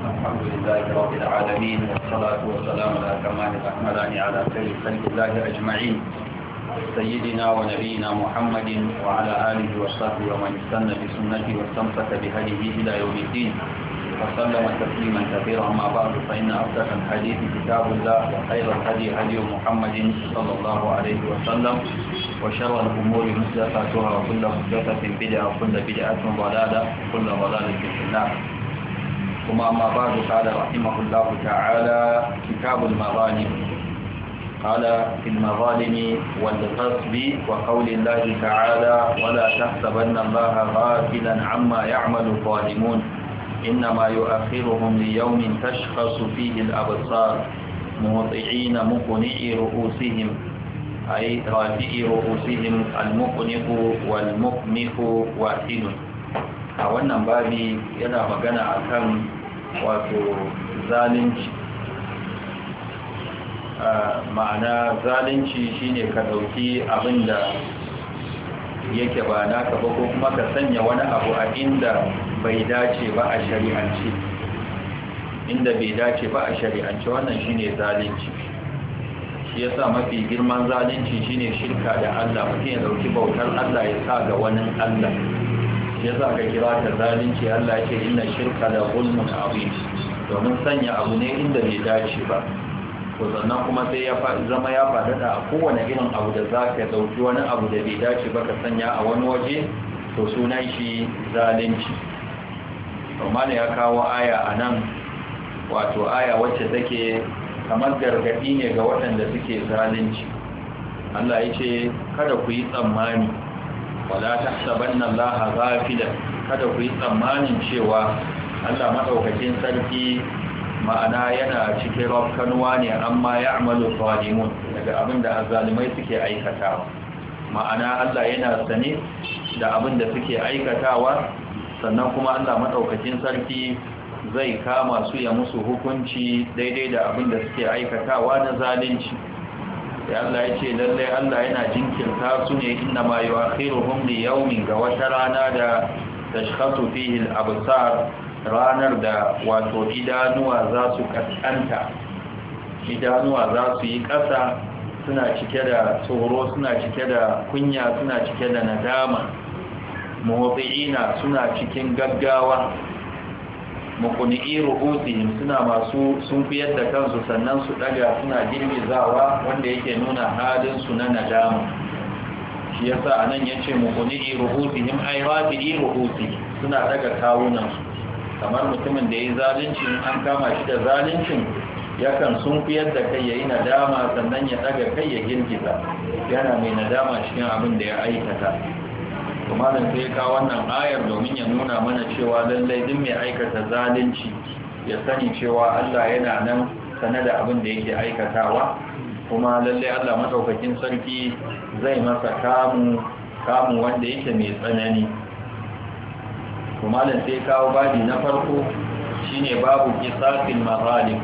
الحمد لله رب العالمين والصلاة والسلام على كمال الأحمدان على خير خلق الله أجمعين سيدنا ونبينا محمد وعلى آله وصحبه ومن استنى بسنته واستمسك بهديه إلى يوم الدين وسلم تسليما كثيرا ما بعد فإن أصدق الحديث كتاب الله وخير الهدي هدي محمد صلى الله عليه وسلم وشر الأمور محدثاتها وكل محدثة بدعة وكل بدعة ضلالة وكل ضلالة في النار ثم أما بعد قال رحمه الله تعالى كتاب المظالم قال في المظالم والغصب وقول الله تعالى ولا تحسبن الله غافلا عما يعمل الظالمون إنما يؤخرهم ليوم تشخص فيه الأبصار مهطعين مقنعي رؤوسهم أي رافئي رؤوسهم المقنق والمقنق واحد أولا بابي يلا yana magana wato zalunci ma'ana zalunci shine ka ɗauki abin da yake ba naka ba ko kuma ka sanya wani abu a inda bai dace ba a shari'anci inda bai dace ba a shari'anci wannan shine zalunci shi yasa mafi girman zalunci shine shirka da Allah mutum ya dauki bautar Allah ya sa ga wani Allah ya za ka kira ka zalunci Allah ya ce inna shirka da zulmun azim domin sanya abu ne inda bai dace ba ko sannan kuma sai ya zama ya faɗaɗa a kowane irin abu da za ka wani abu da bai dace ba ka sanya a wani waje to sunan shi zalunci amma ya kawo aya a nan wato aya wacce take kamar gargaɗi ne ga waɗanda suke zalunci Allah ya ce kada ku yi tsammani wala tahsabanna allaha ghafila kada ku yi tsammanin cewa Allah madaukakin sarki ma'ana yana cikin rafkanuwa ne amma ya amalu zalimun daga abin da azalimai suke aikatawa ma'ana Allah yana sane da abin da suke aikatawa sannan kuma Allah maɗaukacin sarki zai kama su ya musu hukunci daidai da abin da suke aikatawa na zalunci ya Allah ya ce lallai Allah yana jinkirta su ne inna ma yu'akhiruhum li yawmin ga wata rana da tashkhatu fihi al-absar ranar da wato idanuwa za su kaskanta idanuwa za su yi ƙasa suna cike da tsoro suna cike da kunya suna cike da nadama muwafi'ina suna cikin gaggawa muqni'i ru'usihim suna masu sun fi yadda kansu sannan su daga suna girgizawa wanda yake nuna halin su na nadama shi yasa anan yace muqni'i ru'usihim ay rafi'i ru'usihim suna daga kawunan su kamar mutumin da yayi zalunci an kama shi da zaluncin yakan sun fi yadda kai yayi nadama sannan ya daga kai ya girgiza yana mai nadama cikin abin da ya aikata kuma sai ka wannan ayar domin ya nuna mana cewa lallai din mai aikata zalunci ya sani cewa Allah yana nan sane da abin da yake aikatawa kuma lallai Allah madaukakin sarki zai masa kamu kamu wanda yake mai tsanani kuma malam sai ka babi na farko shine babu kisafin mazalim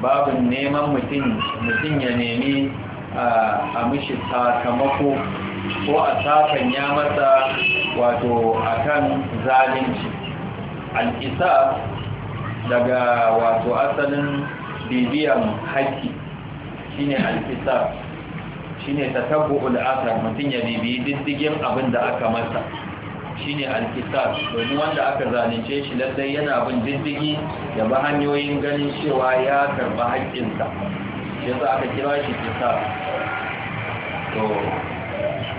babu neman mutum mutum ya nemi ah, a mishi sakamako ko a ya masa wato a kan zalunci al'isa daga wato asalin bibiyan haƙƙi shine al'isa shine tatabbu'ul asar mutum ya bibiyi diddigin abin da aka masa shine al'isa domin wanda aka zalunce shi lallai yana bin diddigi ya ba hanyoyin ganin cewa ya karba haƙƙinsa yanzu aka kira shi kisa.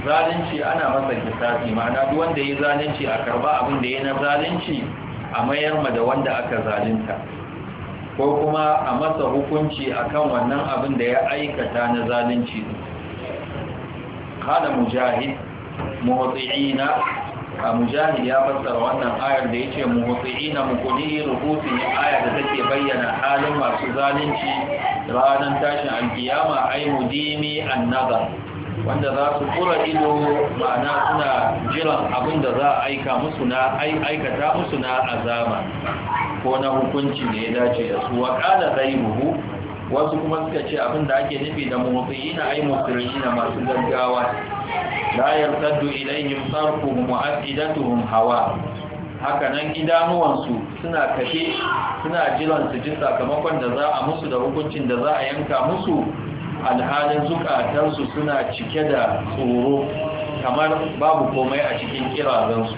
zalunci ana masa kitafi ma'ana duk wanda ya zalunci a karba abin da ya na zalunci a mayar ma da wanda aka zalunta ko kuma a masa hukunci akan wannan abin da ya aikata na zalunci kada mujahid muhtiina a mujahid ya fassara wannan ayar da yace muhtiina kudi rubuti ayar da take bayyana halin masu zalunci ranar tashin alkiyama ay mudimi annazar wanda za su kura ido ma'ana suna jiran abin da za a aika musu na aikata musu na azama ko na hukunci da ya dace da su wa kada zaibuhu wasu kuma suka ce abin da ake nufi da mutsiyina ai na masu gaggawa la yartaddu ilaihim sarfuhum mu'addatuhum hawa haka nan idanuwansu suna kashe suna jiran su ji sakamakon da za a musu da hukuncin da za a yanka musu alhalin zukatansu suna cike da tsoro kamar babu komai a cikin kirazansu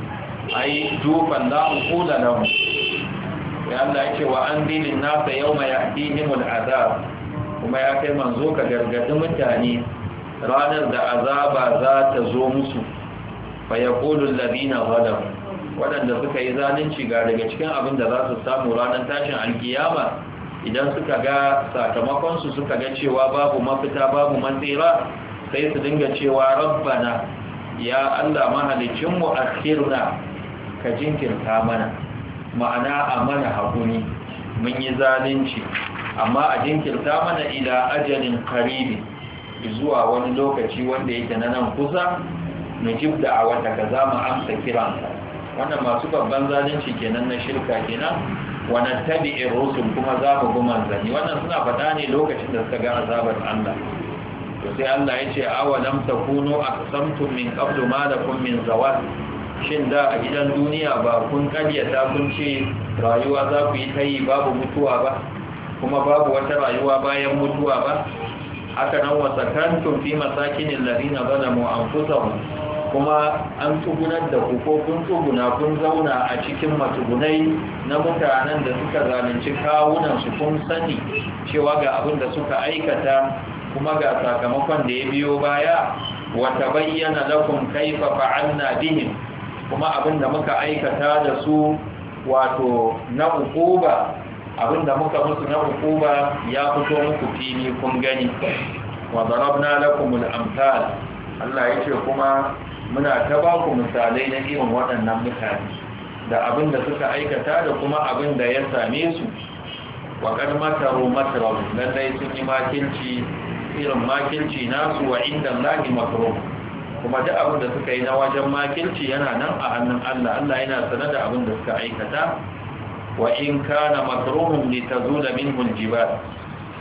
A ai dufan kula da mu ya Allah ce wa an anzirin nasa mai yahdihimul azab kuma ya kai manzo ka gargadi mutane ranar da azaba za ta zo musu fa yaqulu Labina zalamu waɗanda suka yi zalunci ga daga cikin abin da za su samu ranar tashin alkiyama idan suka ga sakamakonsu suka ga cewa babu mafita babu matsira sai su dinga cewa rabbana ya allah mahalicinmu a kirna ka jinkirta mana ma'ana a mana haƙuni mun yi zalunci amma a jinkirta mana ila ajalin karibi zuwa wani lokaci wanda yake na nan kusa nujib da a wata ka za mu amsa kiransa wannan masu babban zalunci kenan na shirka kenan wa nattabi'ir rusul kuma za mu bi manzanni wannan suna faɗa ne lokacin da suka ga azabar Allah to sai Allah ya ce awalam takunu aqsamtum min qablu ma lakum min zawal shin da a gidan duniya ba kun karyata kun ce rayuwa za ku yi ta yi babu mutuwa ba kuma babu wata rayuwa bayan mutuwa ba haka nan wasakantum fi masakinin ladina zalamu anfusahum kuma an tsugunar da ku ko kun tsuguna kun zauna a cikin matsugunai na mutanen da suka zalunci kawunansu kun sani cewa ga abin da suka aikata kuma ga sakamakon da ya biyo baya wata bayyana lakum kaifa fa'alna bihim kuma abin da muka aikata da su wato na ukuba abin da muka musu na ukuba ya fito muku fili kun gani wa darabna lakum amsal Allah yake kuma muna ta ba ku misalai na irin waɗannan mutane da abin da suka aikata da kuma abin da ya same su waƙar mataro matarau lallai sun yi makilci irin makilci nasu wa inda lahi makaro kuma duk abin da suka yi na wajen makilci yana nan a hannun allah allah yana sana da abin da suka aikata wa in kana makaruhun ne ta zo da min hunjibar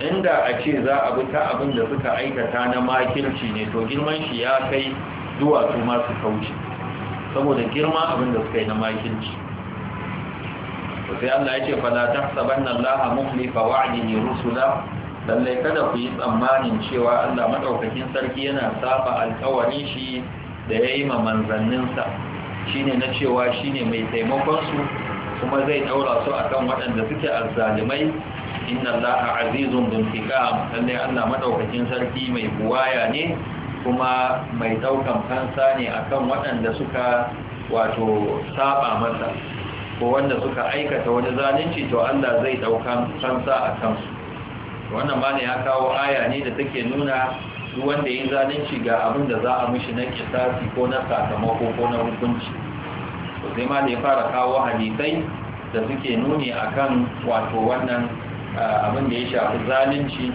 inda a ce za a bi ta abin da suka aikata na makilci ne to girman shi ya kai duwatsu masu kauce saboda girma abinda suka yi na makinci sai Allah ya ce fala tahsabanna Allah mukhlifa ne rusula lallai kada ku yi tsammanin cewa Allah maɗaukakin sarki yana saba alƙawarin shi da yayi ma manzanninsa shine na cewa shine mai taimakon su kuma zai ɗaura su akan waɗanda suke alzalimai inna Allah azizun bintiqam lallai Allah maɗaukakin sarki mai buwaya ne kuma mai daukan fansa ne akan waɗanda suka wato saba masa ko wanda suka aikata wani zalunci to Allah zai daukan fansa a su wannan ma ne ya kawo aya ne da take nuna duk wanda yin zalunci ga abin da za a mishi na kisasi ko na sakamako ko na hukunci to sai ma da ya fara kawo hadisai da suke nuni akan wato wannan ah, abin da ya shafi zalunci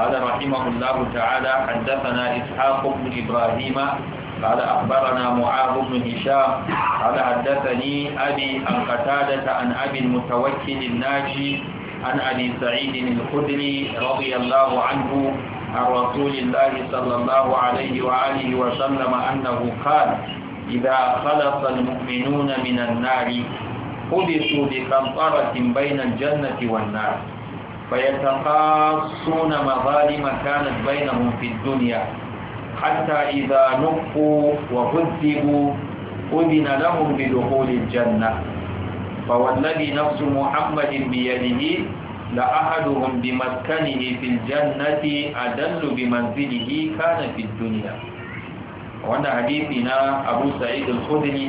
قال رحمه الله تعالى حدثنا إسحاق بن إبراهيم قال أخبرنا معاذ بن هشام قال حدثني أبي عن قتادة عن أبي المتوكل الناجي عن أبي سعيد الخدري رضي الله عنه عن رسول الله صلى الله عليه وآله وسلم أنه قال إذا خلص المؤمنون من النار حدثوا بقنطرة بين الجنة والنار فيتقاصون مظالم كانت بينهم في الدنيا حتى إذا نقوا وهذبوا أذن لهم بدخول الجنة فوالذي نفس محمد بيده لأحدهم بمسكنه في الجنة أدل بمنزله كان في الدنيا وانا حديثنا أبو سعيد الخدري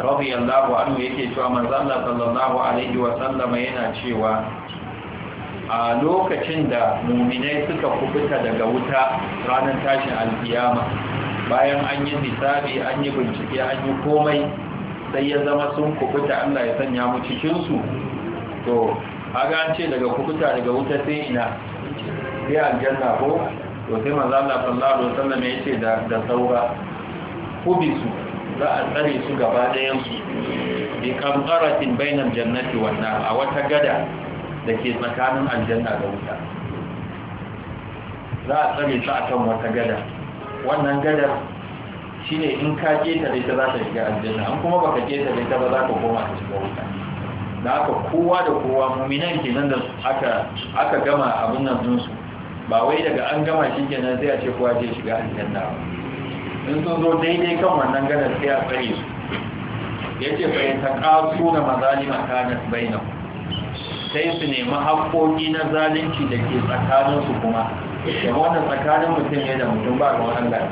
رضي الله عنه يكي شوى مزالة صلى الله عليه وسلم ينا شوى a lokacin da muminai suka kubuta daga wuta ranar tashin alkiyama bayan an yi hisabi an yi bincike an yi komai sai ya zama sun kubuta Allah ya sanya mu cikinsu to haga an ce daga kubuta daga wuta sai ina sai aljanna ko to sai manzo Allah sallallahu alaihi ya ce da da saura kubisu za a tsare su gaba ɗayan su bi kamqaratin jannati wannan a wata gada da ke tsakanin aljanna da wuta za a tsare su a kan wata gada wannan gadar shi ne in ka keta da ita za ta shiga aljanna an kuma baka keta da ita ba za ka koma ta shiga wuta da aka kowa da kowa muminan kenan da aka gama abin nan dinsu ba wai daga an gama shi ke nan zai a ce kowa zai shiga aljanna ba in sun zo daidai kan wannan gadar sai a tsare su ya ce bayan ta kasu na mazalima kanat bainakum sai su nemi haƙoƙi na zalunci da ke tsakaninsu kuma da wanda tsakanin mutum ne da mutum ba ga wani Allah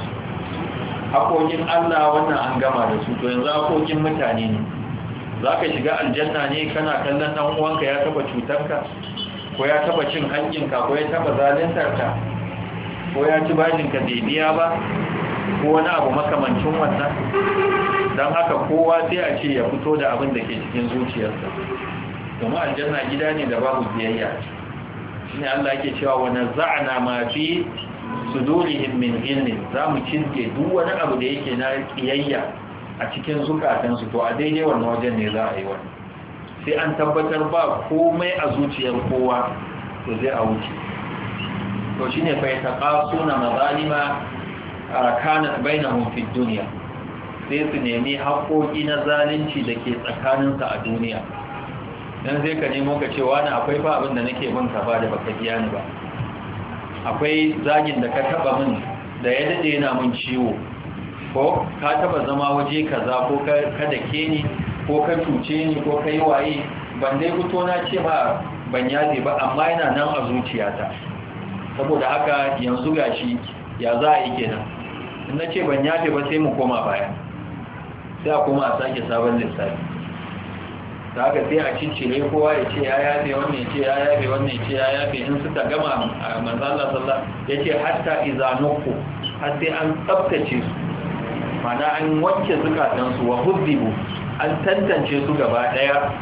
haƙoƙin Allah wannan an gama da su to yanzu haƙoƙin mutane ne za ka shiga aljanna ne kana kallon ɗan uwanka ya taɓa cutarka ko ya taɓa cin hankinka ko ya taɓa zaluntarka ko ya ci bajinka bai biya ba ko wani abu makamancin wannan don haka kowa sai a ce ya fito da abin da ke cikin zuciyarsa domin aljanna gida ne da babu biyayya shine Allah yake cewa wa naza'na ma fi sudurihim min ghillin zamu cinke duk wani abu da yake na kiyayya a cikin zukatansu to a daidai wannan wajen ne za a yi wani sai an tabbatar ba komai a zuciyar kowa to zai a wuce to shine fa yataqasuna mazalima kanat bainahum fi dunya sai su nemi haƙoƙi na zalunci da ke tsakaninsa a duniya dan sai ka nemo ka cewa na akwai fa abin da nake bin ka ba da baka biya ni ba akwai zagin da ka taba min da ya dade yana min ciwo ko ka taba zama waje kaza ko ka dake ni ko ka cuce ni ko ka yi waye ban dai fito na ce ba ban yaje ba amma yana nan a zuciyata saboda haka yanzu gashi ya za a yi kenan in na ce ban yaje ba sai mu koma baya sai a koma a sake sabon lissafi da aka sai a cincire kowa ya ce ya yafe wannan ce ya yafe wannan ce ya yafe in suka gama a manzala sallah ya ce hatta izanuku har sai an tsabtace su mana an wanke zukatansu wa hudibu an tantance su gaba daya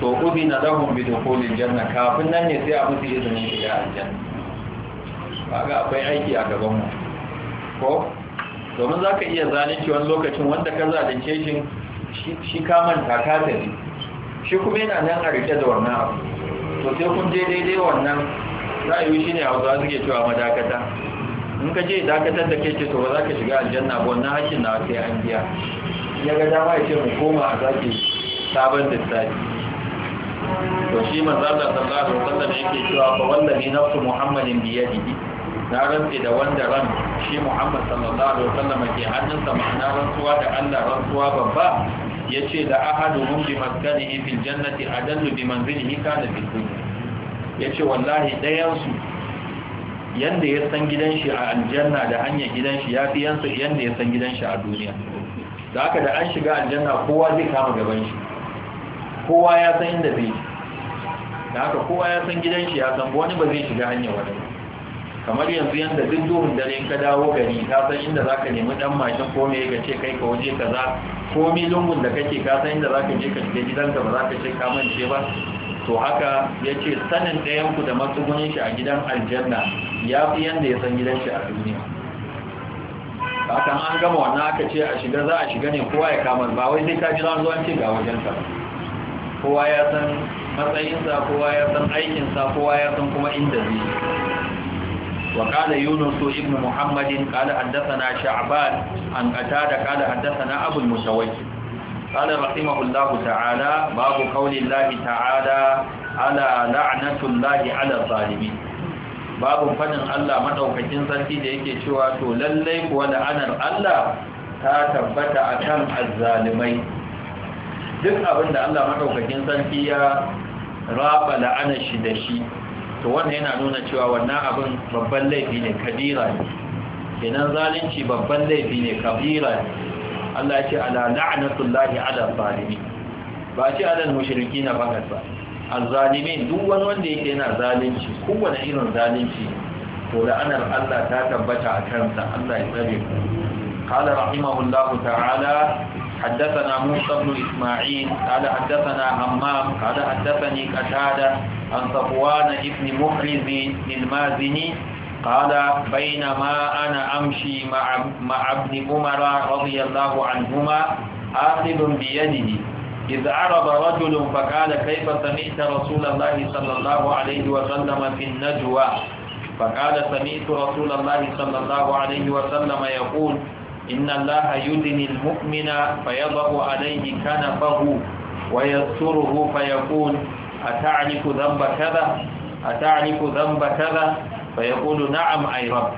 to ubi na lahum bi dukhulil janna kafin nan ne sai a musu izinin shiga ba ga akwai aiki a gaban mu ko domin zaka iya zalunci wani lokacin wanda ka zalunce shi shi ka manta ka tafi shi kuma yana nan a rike da wannan abu to sai kun je daidai wannan ra'ayi shine a wasu suke cewa madakata in ka je dakatar da kake to ba za ka shiga aljanna ba wannan hakkin na sai an biya ya ga dama ya ce mu koma a zaki sabon lissafi to shi manzo Allah sallallahu alaihi wasallam yake cewa fa wallahi nafsu muhammadin bi yadihi na rantsi da wanda ran shi Muhammad sallallahu alaihi wasallam ke hannunsa ma'ana rantsuwa da Allah rantsuwa babba Ya ce da ahaduhum bi maskanihi fil jannati adallu bi manzilihi kana fil dunya yace wallahi dayan su yanda ya san gidan shi a aljanna da hanyar gidan shi yafi yansu yanda ya san gidan shi a duniya da haka da an shiga aljanna kowa zai kama gaban shi kowa ya san inda zai da haka kowa ya san gidan shi ya san wani ba zai shiga hanyar wani kamar yanzu yanda duk duhun dare ka dawo gari ka san inda ka nemi dan mashin ko me ka ce kai ka waje kaza ko mi lungun da kake ka san inda ka je ka shiga gidanka ba ka ce ka mance ba to haka yace sanin ɗayan ku da matsugunin shi a gidan aljanna ya fi yanda ya san gidan shi a duniya kakan an gama wannan aka ce a shiga za a shiga ne kowa ya kama ba wai sai ka jira zuwa ce ga ka kowa ya san matsayinsa kowa ya san aikinsa kowa ya san kuma inda zai وقال يونس ابن محمد قال حدثنا شعبان عن قتادة قال حدثنا أبو المتوجه قال رحمه الله تعالى باب قول الله تعالى على لعنة الله على الظالمين babu fanin Allah madaukakin sarki da yake cewa to lallai kuwa la'anar Allah ta tabbata kan azzalimai duk abinda Allah maɗaukakin sarki ya raba la'anar shi da shi to wannan yana nuna cewa wannan abin babban laifi ne kabira ne kenan zalunci babban laifi ne kabira ne Allah ya ce ala la'natullahi ala zalimin ba ce ala na fakat ba azzalimin duk wani wanda yake yana zalunci kowane irin zalunci to la'anar Allah ta tabbata a kansa Allah ya tsare ku قال رحمه الله تعالى حدثنا موسى بن إسماعيل قال حدثنا همام قال حدثني قتادة عن صفوان بن محرز المازني قال بينما أنا أمشي مع, مع ابن عمر رضي الله عنهما آخذ بيده إذ عرض رجل فقال كيف سمعت رسول الله صلى الله عليه وسلم في النجوى فقال سمعت رسول الله صلى الله عليه وسلم يقول إن الله يدني المؤمن فيضع عليه كنفه ويستره فيقول أتعرف ذنب كذا أتعرف ذنب كذا فيقول نعم أي رب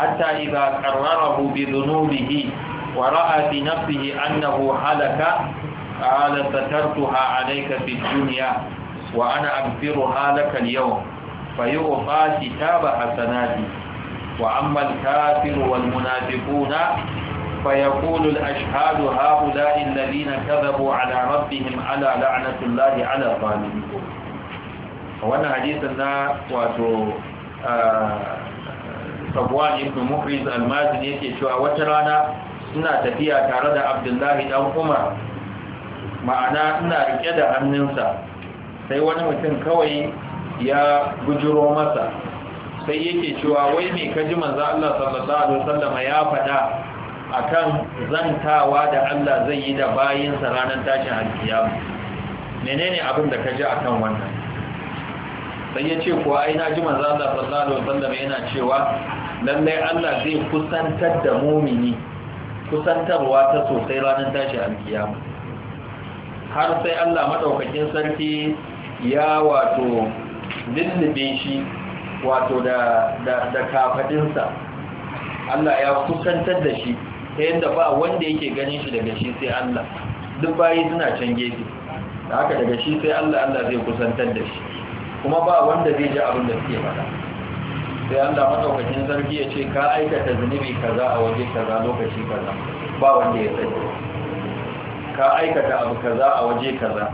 حتى إذا كرره بذنوبه ورأى في نفسه أنه هلك قال سترتها عليك في الدنيا وأنا أغفرها لك اليوم فيؤفى كتاب حسناتي وأما الكافر والمنافقون فيقول الأشهاد هؤلاء الذين كذبوا على ربهم على لعنة الله على الظالمين wannan hadisin na wato sabuwan ibn mukriz almazin yake cewa wata rana suna tafiya tare da abdullahi dan umar ma'ana suna rike da hannunsa sai wani mutum kawai ya gujiro masa sai yake cewa wai mai kaji manzan Allah sallallahu alaihi ya faɗa akan zantawa da Allah zai yi da bayinsa ranar tashin alkiyama menene abin da kaji akan wannan sai ya ce kuwa ai na ji manzo Allah sallallahu alaihi wasallam yana cewa lallai Allah zai kusantar da mumini kusantarwa ta sosai ranar tashi alkiyama har sai Allah madaukakin sarki ya wato lullube shi wato da da da kafadinsa Allah ya kusantar da shi ta yadda ba wanda yake ganin shi daga shi sai Allah duk bayi suna can gefe da haka daga shi sai Allah Allah zai kusantar da shi kuma ba wanda zai ji abin da suke faɗa sai Allah matsaukacin sarki ya ce ka aikata zunubi kaza a waje kaza lokaci kaza ba wanda ya sani ka aikata abu kaza a waje kaza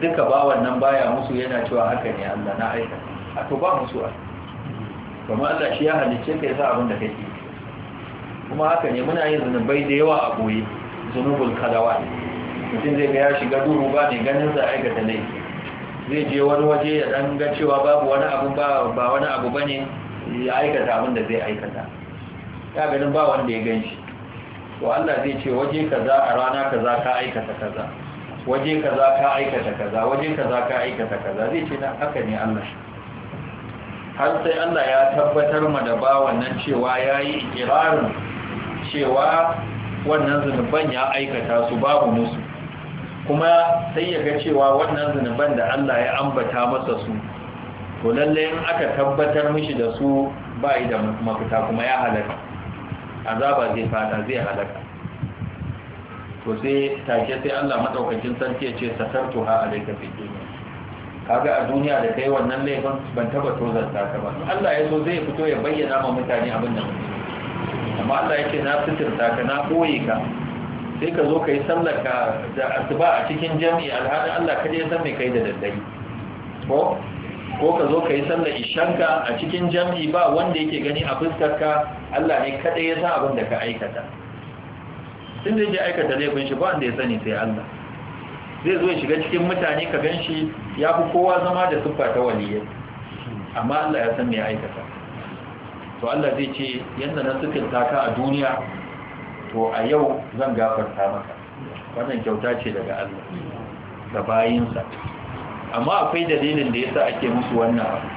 duka ba wannan baya musu yana cewa haka ne Allah na aikata a to ba musu a kuma Allah shi ya halicce ka yasa abin da kake kuma haka ne muna yin zunubai da yawa a boye zunubul kalawa mutum zai ga ya shiga duhu ba ne ganin a aikata laifi zai je wani waje ya dan ga cewa babu wani abu ba wani abu bane ya aikata abin da zai aikata ya ganin ba wanda ya gan shi to Allah zai ce waje kaza a rana kaza ka aikata kaza waje kaza ka aikata kaza waje kaza ka aikata kaza zai ce na haka ne Allah har sai Allah ya tabbatar ma da ba wannan cewa yayi ikirarin cewa wannan zunuban ya aikata su babu musu kuma sai ya ga cewa wannan zunuban da Allah ya ambata masa su to lalle in aka tabbatar mishi da su ba da mafita kuma ya halaka azaba zai fada zai halaka to sai take sai Allah madaukakin sarki ya ce satartu ha alayka fi dunya kaga a duniya da kai wannan laifin ban taba tozarta ka ba Allah ya so zai fito ya bayyana ma mutane abin da amma Allah ya ce na fitirta ka na koye ka sai ka zo ka yi sallar da asuba a cikin jami'i alhalin Allah kaje san me kai da daddare ko ko ka zo ka yi sallar ishanka a cikin jami'i ba wanda yake gani a fuskar ka Allah ne kada ya san abin da ka aikata tun da yake aikata laifin shi ba wanda ya sani sai Allah zai zo ya shiga cikin mutane ka gan shi ya fi kowa zama da siffa ta waliyyai amma Allah ya san me aikata to Allah zai ce yanda na sukin taka a duniya to a yau zan gafarta maka wannan kyauta ce daga Allah da bayinsa amma akwai dalilin da yasa ake musu wannan abu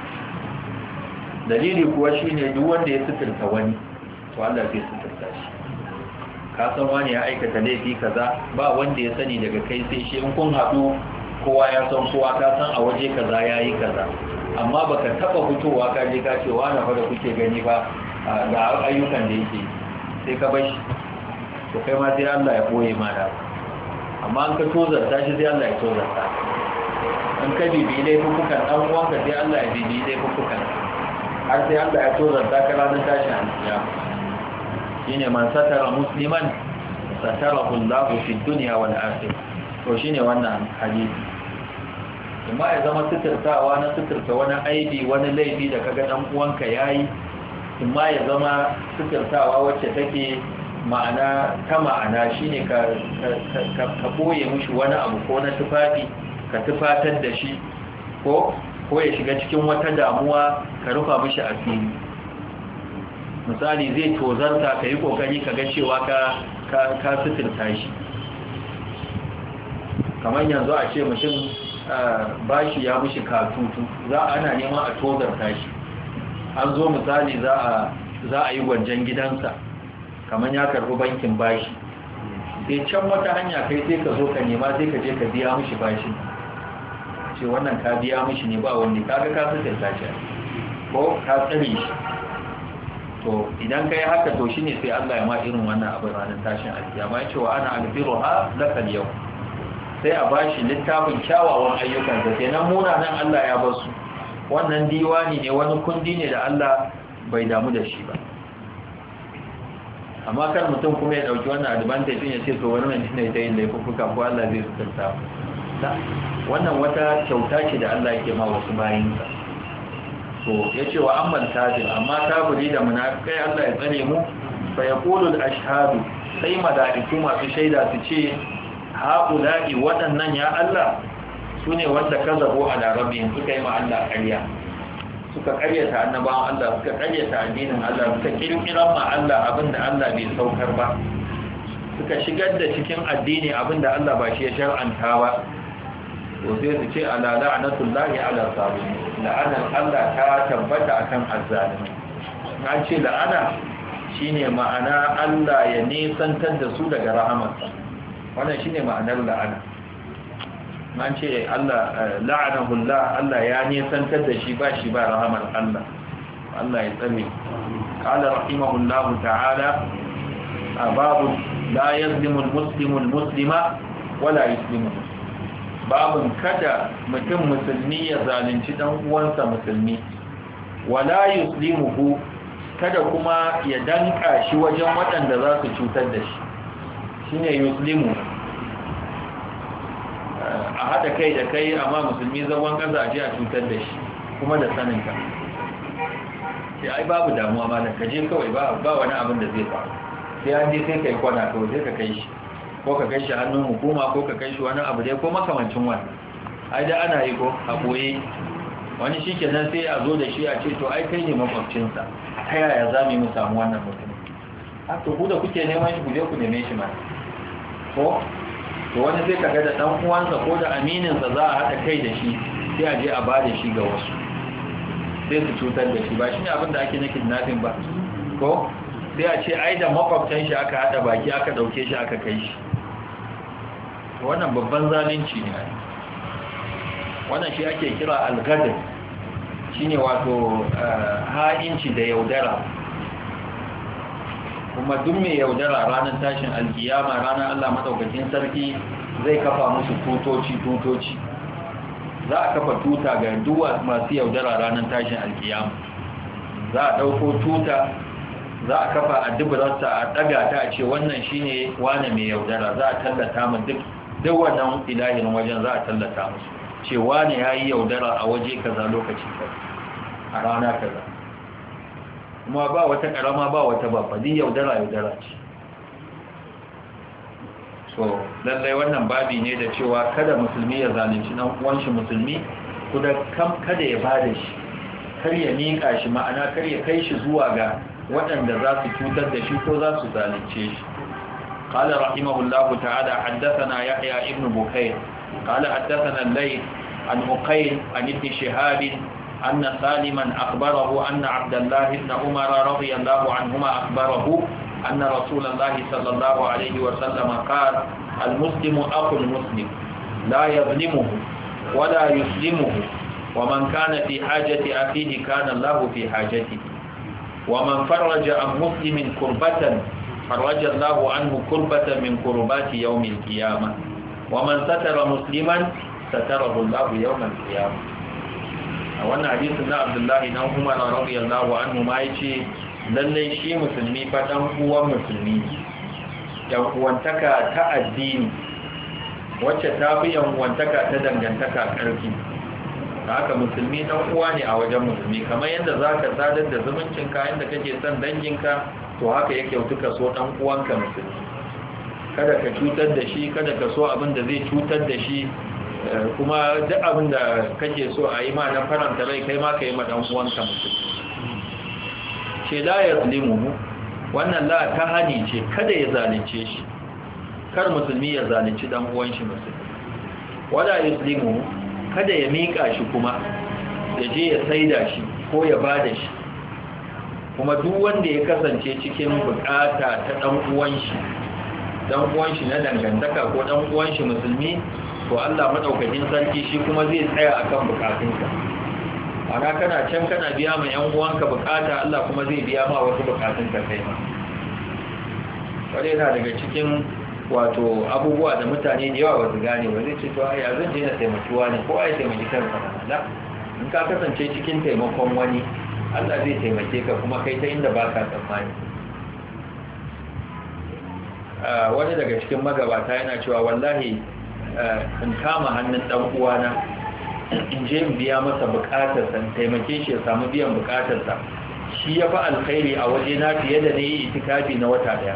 dalili kuwa shine duk wanda ya suturta wani to Allah zai suturta shi ka san wani ya aikata laifi kaza ba wanda ya sani daga kai sai shi in kun haɗu kowa ya san kowa ka san a waje kaza yayi kaza amma baka taba fitowa ka je ka ce wani fa da kuke gani ba ga ayyukan da yake sai ka bar shi to kai ma sai Allah ya koye da amma an ka tozarta shi sai Allah ya tozarta an ka bibi laifukan dan uwanka sai Allah ya bibi laifukan har sai Allah ya tozarta ka ranar tashin ya shine man satara musliman satara Allah fi dunya wal akhirah to shine wannan hadisi amma ya zama sitirtawa na suturta wani aibi wani laifi da kaga dan uwanka yayi amma ya zama sitirtawa wacce take ma'ana ta ma'ana shi ne ka koye mushi wani abu ko na tufafi ka tufatar da shi ko ya shiga cikin wata damuwa ka rufa mushi a fili misali zai tozarta ka yi kokari ka ga cewa ka ka shi kamar yanzu a ce mutum bashi ya mushi katutu za ana neman a tozarta shi an zo misali za a yi gwajen gidansa kamar ya karbi bankin bashi sai can wata hanya kai sai ka zo ka nema sai ka je ka biya mishi bashi ce wannan ka biya mishi ne ba wanda ga ka su tattace ko ka tsare shi to idan ka yi haka to shine sai Allah ya ma irin wannan abin ranar tashin alkiyama ya ce wa ana ha lakal yau sai a bashi littafin kyawawan ayyukan da sai muna nan Allah ya basu wannan diwani ne wani kundi ne da Allah bai damu da shi ba amma kar mutum kuma ya dauki wannan advantage ya ce to wani mai ne ta yin laifuka ko Allah zai sutunta wannan wata kyauta ce da Allah yake ma wasu bayin ka so yace wa amman tajil amma tabiri da munafikai Allah ya tsare mu fa yaqulu al-ashhadu sai mala'iku masu shaida su ce ulai waɗannan ya Allah sune wanda kazabo a larabin suka yi ma Allah ƙarya suka karyata annabawan Allah suka karyata addinin Allah suka kirkira ma Allah abinda Allah bai saukar ba suka shigar da cikin addini abinda Allah ba shi ya shar'anta ba to sai su ce ala la'natullahi ala sabi La'ana Allah ta tabbata akan azzalimi na ce la'ana shine ma'ana Allah ya nisantar da su daga rahamarsa wannan shine ma'anar la'ana an ce Allah eh, la'anahu Allah Allah ya nisantar da shi ba shi ba rahamar Allah Allah ya tsare qala rahimahullahu ta'ala babu la yazlimu al-muslimu wala yuslimu babu kada mutum musulmi ya zalunci dan uwansa musulmi wala yuslimuhu kada kuma ya danka shi wajen waɗanda za su cutar da shi shine yuslimu a haɗa kai da kai amma musulmi zagon ƙasa a a cutar da shi kuma da saninka sai ai babu damuwa ma da kaje kawai ba wani abin da zai faru sai an je sai kai kwana kawai sai ka kai shi ko ka kai shi hannun hukuma ko ka kai shi wani abu dai ko makamancin wani. ai da ana yi ko a ɓoye. wani shi kenan sai a zo da shi a ce to ai kai ne makwabcinsa ta yaya za mu yi mu samu wannan mutum a to ku da kuke neman shi ku je ku neme shi ma ko to wani sai kaga da dan uwansa ko da amininsa za a haɗa kai da shi sai a je a ba shi ga wasu sai su cutar da shi ba shi ne abin da ake na kidnapping ba ko sai a ce ai da makwabtan shi aka haɗa baki aka ɗauke shi aka kai shi wannan babban zalunci ne wannan shi ake kira algadin shine wato eh, ha'inci da yaudara kuma duk mai yaudara ranar tashin alkiyama ranar Allah madaukakin sarki zai kafa musu tutoci tutoci za a kafa tuta ga duwa masu yaudara ranar tashin alkiyama za a ɗauko tuta za a kafa a duburarsa a ɗaga ta a ce wannan shi ne wane mai yaudara za a tallata mu duk wannan ilahin wajen za a tallata musu ce wane ya yi yaudara a waje kaza lokaci kaza a rana kaza kuma ba wata karama ba wata babba din yaudara yaudara ce so lallai wannan babi ne da cewa kada musulmi ya zalunci dan uwan musulmi kuda kam kada ya bada shi kar ya mika shi ma'ana kar ya kai shi zuwa ga waɗanda za su cutar da shi ko za su zalunce shi قال رحمه الله تعالى حدثنا يحيى ابن بكير قال حدثنا الليل عن أقيل عن ابن شهاب أن سالما أخبره أن عبد الله بن عمر رضي الله عنهما أخبره أن رسول الله صلى الله عليه وسلم قال المسلم أخو المسلم لا يظلمه ولا يسلمه ومن كان في حاجة أخيه كان الله في حاجته ومن فرج عن مسلم كربة فرج الله عنه كربة من كربات يوم القيامة ومن ستر مسلما ستره الله يوم القيامة a wannan hadisun na abdullahi na umar an anhu ya ce, lallai shi musulmi fa dan uwan musulmi yan ta addini wacce ta fi yan ta dangantaka karfi da haka musulmi ɗan uwa ne a wajen musulmi kamar yadda za ka sadar da zumuncin ka yadda kake son danginka to haka ya kyautu ka so dan uwanka musulmi kada ka cutar da shi kada ka so abin da zai cutar da shi Eh, kuma duk abin da kake so a yi ma na faranta rai kai ma ka yi ma dan uwanka mutum ce la ya mu wannan la ta hani ce kada ya zalunce shi kar musulmi ya zalunci dan uwan shi musulmi wala yuzlimu kada ya mika shi kuma ya je ya saida shi ko ya bada shi kuma duk wanda ya kasance cikin bukata ta dan uwan shi dan uwan shi na dangantaka ko dan uwan shi musulmi to Allah madaukakin sarki shi kuma zai tsaya akan bukatunka ana kana can kana biya ma yan uwanka bukata Allah kuma zai biya ma wasu bukatunka kai ma Wani yana daga cikin wato abubuwa da mutane da yawa ba su gane ba zai ce to ai yanzu je na taimakiwa ne ko ai taimaki kan ka da in ka kasance cikin taimakon wani Allah zai taimake ka kuma kai ta inda ba ka tsammani ah, wani daga cikin magabata yana cewa wallahi Eh, in kama hannun ɗan uwana in je in biya masa buƙatarsa in taimake shi ya samu biyan buƙatarsa shi ya fi alkhairi a waje na fiye da na yi itikafi na wata ɗaya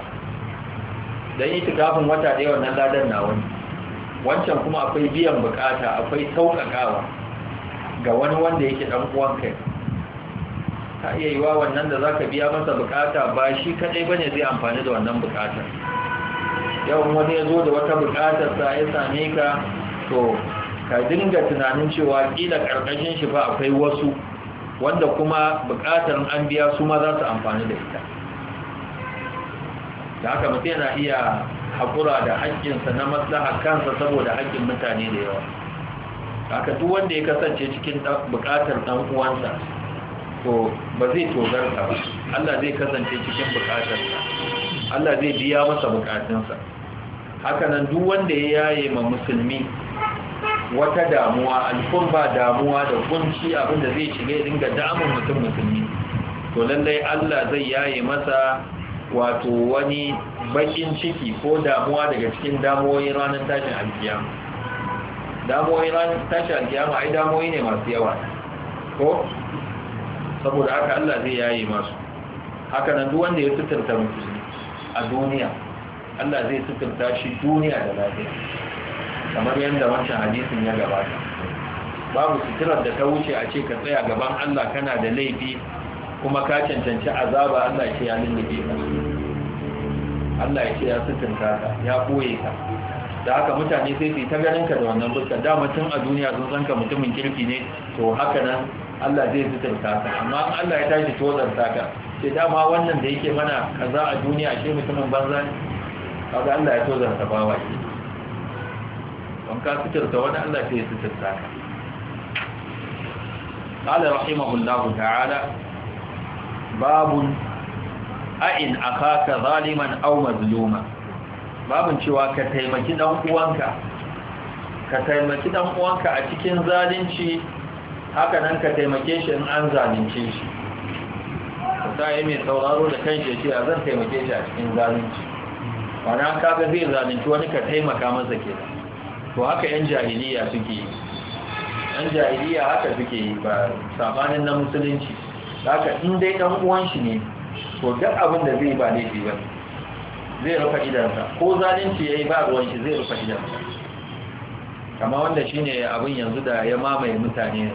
don itikafin wata ɗaya wannan ladan na wani wancan kuma akwai biyan buƙata akwai sauƙaƙawa ga wani wanda yake ɗan uwan kai Ta iya yiwa wannan da za ka biya masa buƙata ba shi kaɗai ba ne zai amfani da wannan buƙatar. yawan wani ya zo da wata bukatar sa ya same ka to ka dinga tunanin cewa ƙila ƙarƙashin shi ba akwai wasu wanda kuma bukatar an biya su ma za su amfani da ita da haka mutum yana iya haƙura da haƙƙinsa na maslaha kansa saboda haƙƙin mutane da yawa haka duk wanda ya kasance cikin buƙatar ɗan uwansa to ba zai tozarta ba Allah zai kasance cikin buƙatarsa Allah zai biya masa buƙatunsa hakanan duk wanda ya yaye ma musulmi wata damuwa ba damuwa da kunci abinda zai shiga dinga damun mutum musulmi to lallai Allah zai yaye masa wato wani bakin ciki ko damuwa daga cikin damuwoyin ranar tashin alkiyama damuwoyin ranar tashin alkiyama ai damuwoyi ne masu yawa ko saboda haka Allah zai yaye masu haka nan duk wanda ya tutarta musulmi a duniya Allah zai sukunta shi duniya da lafiya kamar yadda wancan hadisin ya gabata babu suturar da ta wuce a ce ka tsaya gaban Allah kana da laifi kuma ka cancanci azaba Allah ce ya lullube ka Allah ya ce ya sukunta ka ya koye ka da haka mutane sai su yi ta ganin ka da wannan fuskar da mutum a duniya sun san ka mutumin kirki ne to haka nan Allah zai suturta ka amma Allah ya tashi tozarta ka sai dama wannan da yake mana kaza a duniya shi mutumin banza ne kaga Allah ya tozar ta bawa shi don ka suturta wani Allah sai ya suturta ka قال رحمه الله تعالى باب aka ka zaliman أو mazluma باب cewa ka taimaki dan uwanka ka taimaki dan uwanka a cikin zalunci haka nan ka taimake shi in an zalunce shi sai mai sauraro da kanshi ya ce a zan taimake shi a cikin zalunci mana kaga zai zalunci wani ka taimaka masa ke to haka yan jahiliya suke yi yan jahiliya haka suke yi ba sabanin na musulunci haka in dai dan uwan shi ne to duk abin da zai ba laifi ba zai rufa idansa ko zalunci yayi ba ruwan shi zai rufa idansa kama wanda shine abin yanzu da ya mamaye mutane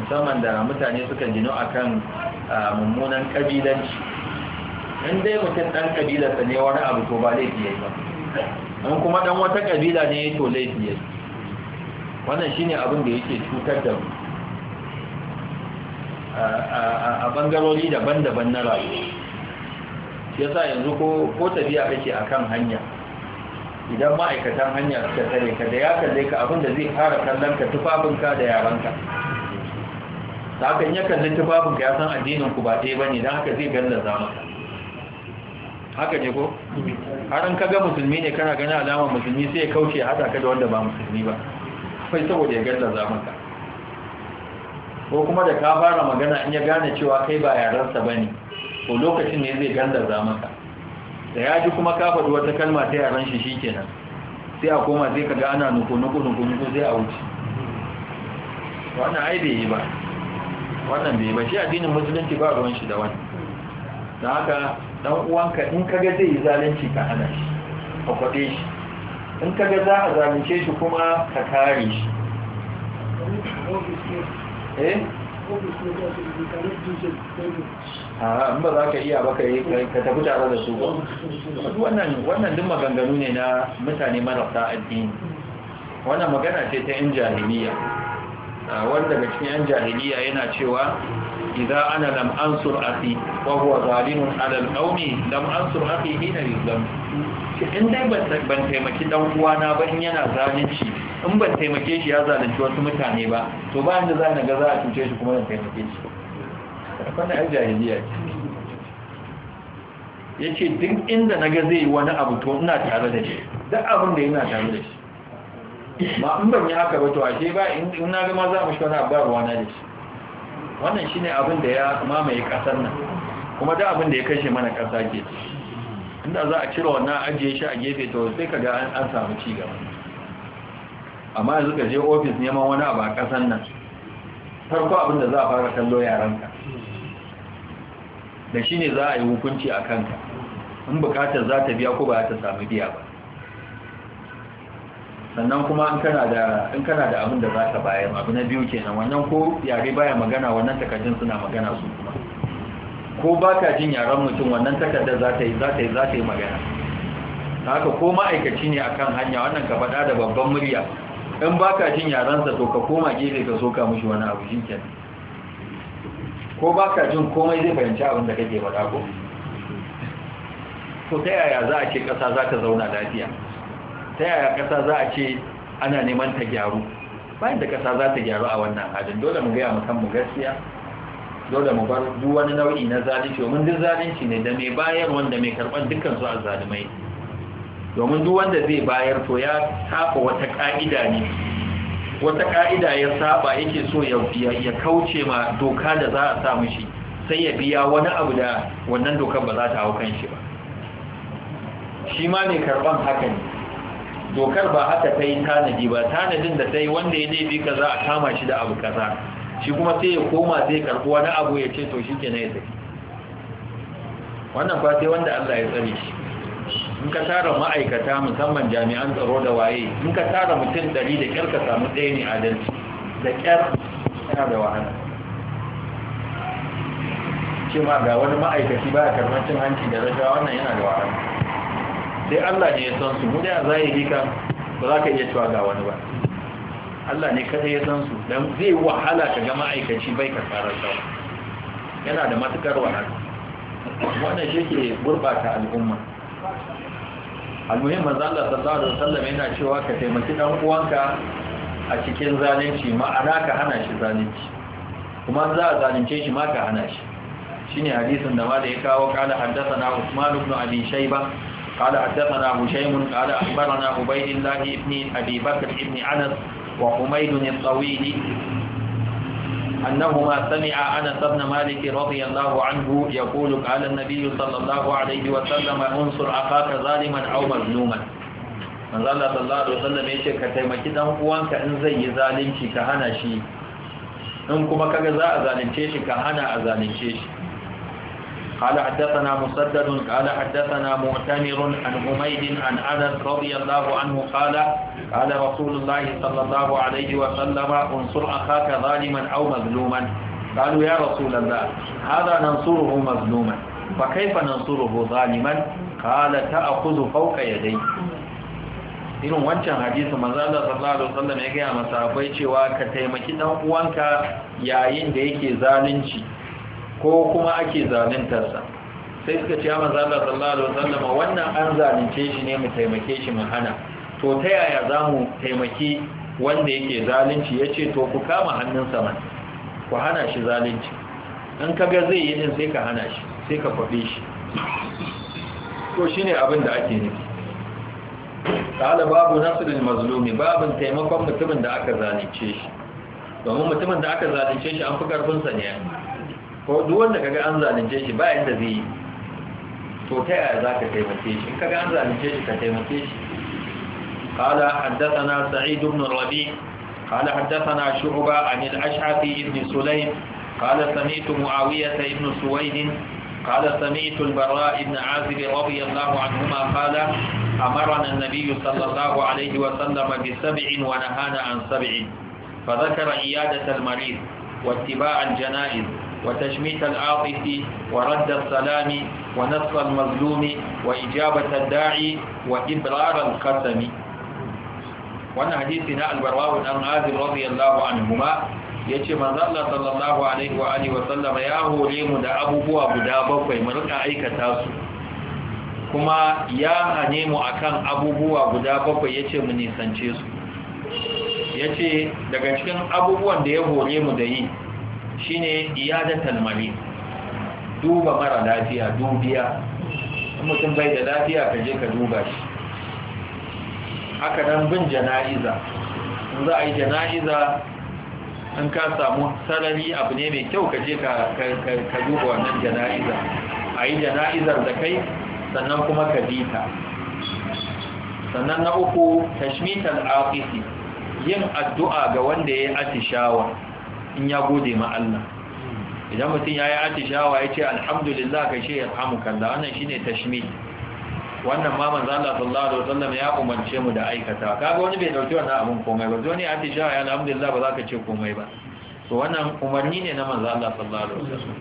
musamman da mutane suka jino akan mummunan kabilanci in dai mutum ɗan ƙabilarsa ne wani abu to ba laifi ya yi ba in kuma ɗan wata ƙabila ne ya to laifi ya yi wannan shi ne abin da yake cutar da mu a ɓangarori daban-daban na rayuwa ya sa yanzu ko tafiya kake a kan hanya idan ma'aikatan hanya suka tare ka da ya kalle ka abin da zai fara kallon ka tufafinka da yaranka ta hakan ya kalli tufafinka ya san addinin ku ba ɗaya ba ne don haka zai gallaza maka haka ne ko har an kaga musulmi ne kana gani alamar musulmi sai ya kauce hada ka da wanda ba musulmi ba kai saboda ya gaza zamanka ko kuma da ka fara magana in ya gane cewa kai ba yaransa ba ne ko lokacin ne zai gandaza maka da ya ji kuma ka faɗi wata kalma ta yaran shi shikenan sai a koma zai kaga ana nuku nuku nuku nuku sai a wuce wannan ai bai yi ba wannan bai yi ba shi addinin musulunci ba ruwan shi da wani da haka dan uwanka in kaga zai yi zalunci ka hana shi ka kwade shi in kaga za a zalunce shi kuma ka kare shi eh a ba za ka iya baka yi ka tafi tare da su ba wannan duk maganganu ne na mutane marasa addini wannan magana ce ta yan jahiliya wanda daga cikin yan jahiliya yana cewa idza ana lam ansur akhi wa huwa zalimun ala al-qawmi lam ansur akhi hina yuzlam in dai ban taimaki dan uwa na ba in yana zalunci in ban taimake shi ya zalunci wasu mutane ba to ba inda za na ga za a cuce shi kuma na taimake shi wannan ai jahiliya ce yace duk inda naga zai yi wani abu to ina tare da shi duk abin da yana tare da shi ba in ban yi haka ba to ashe ba in na ga ma za mu shi wani abu ba ruwana da shi wannan shine abin da ya mamaye kasar nan kuma da abin da ya kashe mana kasa ke inda za a cire wannan ajiye shi a gefe to sai kaga an samu ci gaba amma yanzu ka je ofis neman wani abu a kasar nan farko abin da za a fara kallo ka. da shine za a yi hukunci a ka, in bukatar za ta biya ko ba ta samu biya ba sannan kuma in kana da abin da za ka bayar abu na biyu kenan wannan ko yare baya magana wannan takardun suna magana su kuma ko ba ka jin yaren mutum wannan takardar za ta yi za ta yi za ta yi magana haka ko ma'aikaci ne akan hanya wannan ka faɗa da babban murya in baka jin yarensa to ka koma gefe ka soka mushi wani abu shi kenan ko ba ka jin komai zai fahimci abin da kake faɗa ko ta yaya za a ce ƙasa za ta zauna lafiya ta yaya ƙasa za a ce ana neman ta gyaru bayan da ƙasa za ta gyaru a wannan halin dole mu gaya mu gaskiya dole mu bar duk wani nau'i na zalunci domin duk zalunci ne da mai bayar wanda mai karɓar dukkan su a zalumai domin duk wanda zai bayar to ya saba wata ƙa'ida ne wata ƙa'ida ya saba yake so ya kauce ma doka da za a sa mishi sai ya biya wani abu da wannan dokar ba za ta hau kan shi ba shi ma mai karɓar haka ne dokar ba haka ta yi tanadi ba tanadin da ta yi wanda ya laifi za a kama shi da abu kaza shi kuma sai ya koma sai karɓi wani abu ya ce to shi ke na ya tafi wannan ba sai wanda Allah ya tsare shi in ka tara ma'aikata musamman jami'an tsaro da waye in ka tara mutum ɗari da ƙyar ka samu ɗaya ne adalci da ƙyar yana da wahala ce ma ga wani ma'aikaci ba a karɓar cin hanci da rashawa wannan yana da wahala sai Allah ne ya san su mu da zahiri kan ba za ka iya cewa ga wani ba Allah ne kada ya san su dan zai wahala ka ga ma'aikaci bai ka tsara sawa yana da matukar wahala wannan shi ke gurbata al'umma almuhim manzo sallallahu alaihi wasallam yana cewa ka taimaki dan uwanka a cikin zalunci ma'ana ka hana shi zalunci kuma za a zalunce shi ma ka hana shi shine hadisin da ma da ya kawo kana na Usman ibn Abi Shayba قال حدثنا هشيم قال أخبرنا عبيد الله بن أبي بكر بن أنس وحميد الطويل أنهما سمع أنس بن مالك رضي الله عنه يقول قال النبي صلى الله عليه وسلم انصر أخاك ظالما أو مظلوما manzo Allah sallallahu alaihi wasallam yace ka taimaki dan uwanka in zai yi zalunci ka hana shi in kuma kaga za a zalunce shi ka hana a zalunce shi قال حدثنا مسدد قال حدثنا معتمر عن حميد عن أنس رضي الله عنه قال قال رسول الله صلى الله عليه وسلم انصر أخاك ظالما أو مظلوما قالوا يا رسول الله هذا ننصره مظلوما فكيف ننصره ظالما قال تأخذ فوق يديه irin wancan hadisi manzo Allah sallallahu alaihi wasallam ya ga masahabai cewa ka taimaki dan uwanka yayin da yake zalunci ko kuma ake zaluntarsa sai suka ce amma zalla sallallahu alaihi wasallam wannan an zalunce shi ne mu taimake shi mu hana to ta yaya za mu taimaki wanda yake zalunci ya ce to ku kama hannunsa man ku hana shi zalunci in ka ga zai yi din sai ka hana shi sai ka kwabe shi to shi ne abin da ake nufi ƙala babu nasrul mazlumi babu taimakon mutumin da aka zalunce shi domin mutumin da aka zalunce shi an fi ƙarfinsa ne ko duk wanda kaga an zalunce shi ba inda zai to taimake shi in kaga an zalunce shi ka taimake shi قال حدثنا سعيد بن الربيع قال حدثنا شعبة عن الأشعث بن سليم قال سمعت معاوية بن سويد قال سمعت البراء بن عازب رضي الله عنهما قال أمرنا النبي صلى الله عليه وسلم بسبع ونهانا عن سبع فذكر عيادة المريض واتباع الجنائز وتشميت العاطف ورد السلام ونصر المظلوم وإجابة الداعي وإبرار القسم وانا حديثنا البراء عن عازم رضي الله عنهما yace manzo Allah sallallahu alaihi wa alihi wa sallama ya hore mu da abubuwa guda bakwai mu rika aikata su kuma ya hane mu akan abubuwa guda bakwai yace mu nisance su yace daga cikin abubuwan da ya hore mu da yi shine iyadatul marid duba mara lafiya dubiya mutum bai da lafiya ka je ka duba shi haka nan bin jana'iza in za a yi jana'iza in ka samu sarari abu ne mai kyau ka je ka duba wannan jana'iza a yi jana'izar da kai sannan kuma ka bi ta sannan na uku tashmitar aqisi yin addu'a ga wanda ya yi atishawa in ya gode ma Allah idan mutum ya yi atishawa ya ce alhamdulillah ka ce ya samu kalla wannan shi ne tashmid wannan ma manzan Allah sallallahu alaihi wasallam ya umarce mu da aikata ga wani bai dauki wannan abun komai ba zo ne atishawa ya alhamdulillah ba za ka ce komai ba to wannan umarni ne na manzan Allah sallallahu alaihi wasallam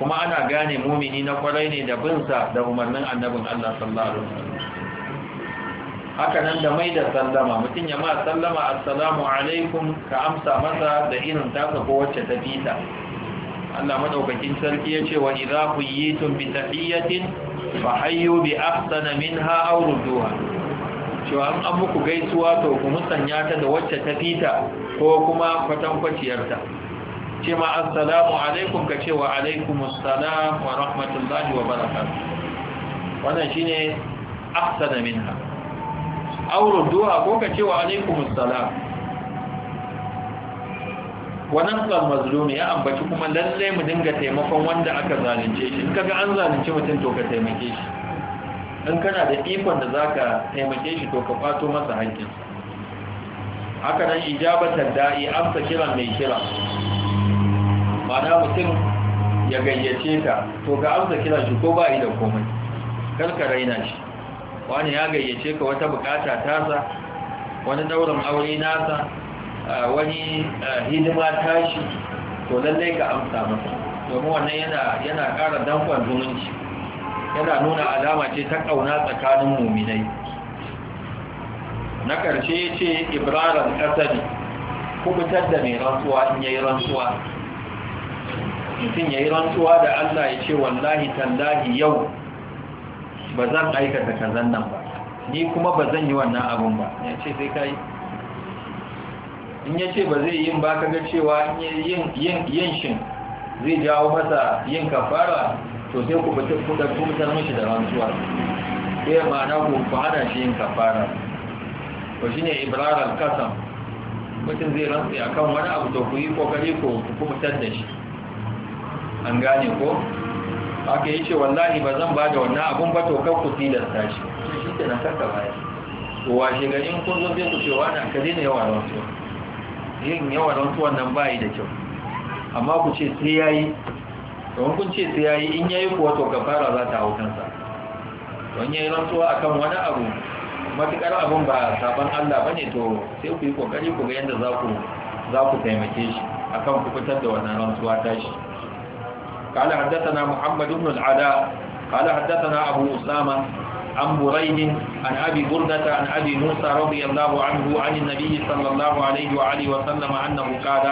kuma ana gane mumini na kwarai ne da binsa da umarnin annabin Allah sallallahu alaihi wasallam haka nan da mai da sallama mutum ya ma sallama assalamu alaikum ka amsa masa da irin taka ko wacce ta fita Allah madaukakin sarki yace wa idza quyitum bi tahiyatin fa hayyu bi ahsana minha aw rudduha cewa an an muku gaisuwa to ku musanya ta da wacce ta fita ko kuma kwatankwaciyar ta ce ma assalamu alaikum ka ce wa alaikumus salam wa rahmatullahi wa barakatuh wannan shine ahsana minha auro du'a ko ka cewa alaikumus salam wannan zal mazlumi ya ambaci kuma lalle mu dinga taimakon wanda aka zalunce shi in kaga an zalunce mutum to ka taimake shi in kana da ikon da zaka taimake shi to ka fato masa hakkin haka nan ijabatan da'i amsa kira mai kira ma'ana mutum ya gayyace ka to ga amsa kira shi ko ba yi da komai kar ka raina shi wani ya gayyace ka wata bukata tasa wani daurin aure nasa wani hidima tashi to lallai ka amsa masa domin wannan yana yana ƙara danƙon zumunci yana nuna alama ce ta ƙauna tsakanin muminai na ƙarshe ya ce ibrarar ƙasari kubutar da mai rantsuwa in yayi rantsuwa mutum yayi rantsuwa da Allah ya ce wallahi tallahi yau ba zan aikata kazan nan ba ni kuma ba zan yi wannan abun ba ya ce sai ka yi in ya ce ba zai yin ba kaga cewa yin shin zai jawo masa yin kafara to sai ku fitar shi da rantsuwa sai ya ma'ana ku hada shi yin kafara Ba shi ne ibrarar kasan mutum zai rantsi a kan wani abu to ku yi kokari ko ku fitar da shi an gane ko aka yi ce wallahi ba zan ba da wannan abun ba to kan ku tilasta shi shi ke nan karka baya to washe gari in kun zo zai ku ce na ka daina yawa don wasu yin yawa don wasu wannan bayi da kyau amma ku ce sai ya yi kun ce sai ya yi in ya yi kuwa to kafara za ta hau kansa don ya yi rantsuwa a kan wani abu matuƙar abun ba sabon allah ba ne to sai ku yi ƙoƙari ku ga yadda za ku taimake shi akan ku fitar da wannan rantsuwa tashi قال حدثنا محمد بن العلاء قال حدثنا أبو أسامة عن بريد عن أبي بردة عن أبي موسى رضي الله عنه عن النبي صلى الله عليه وآله وسلم أنه قال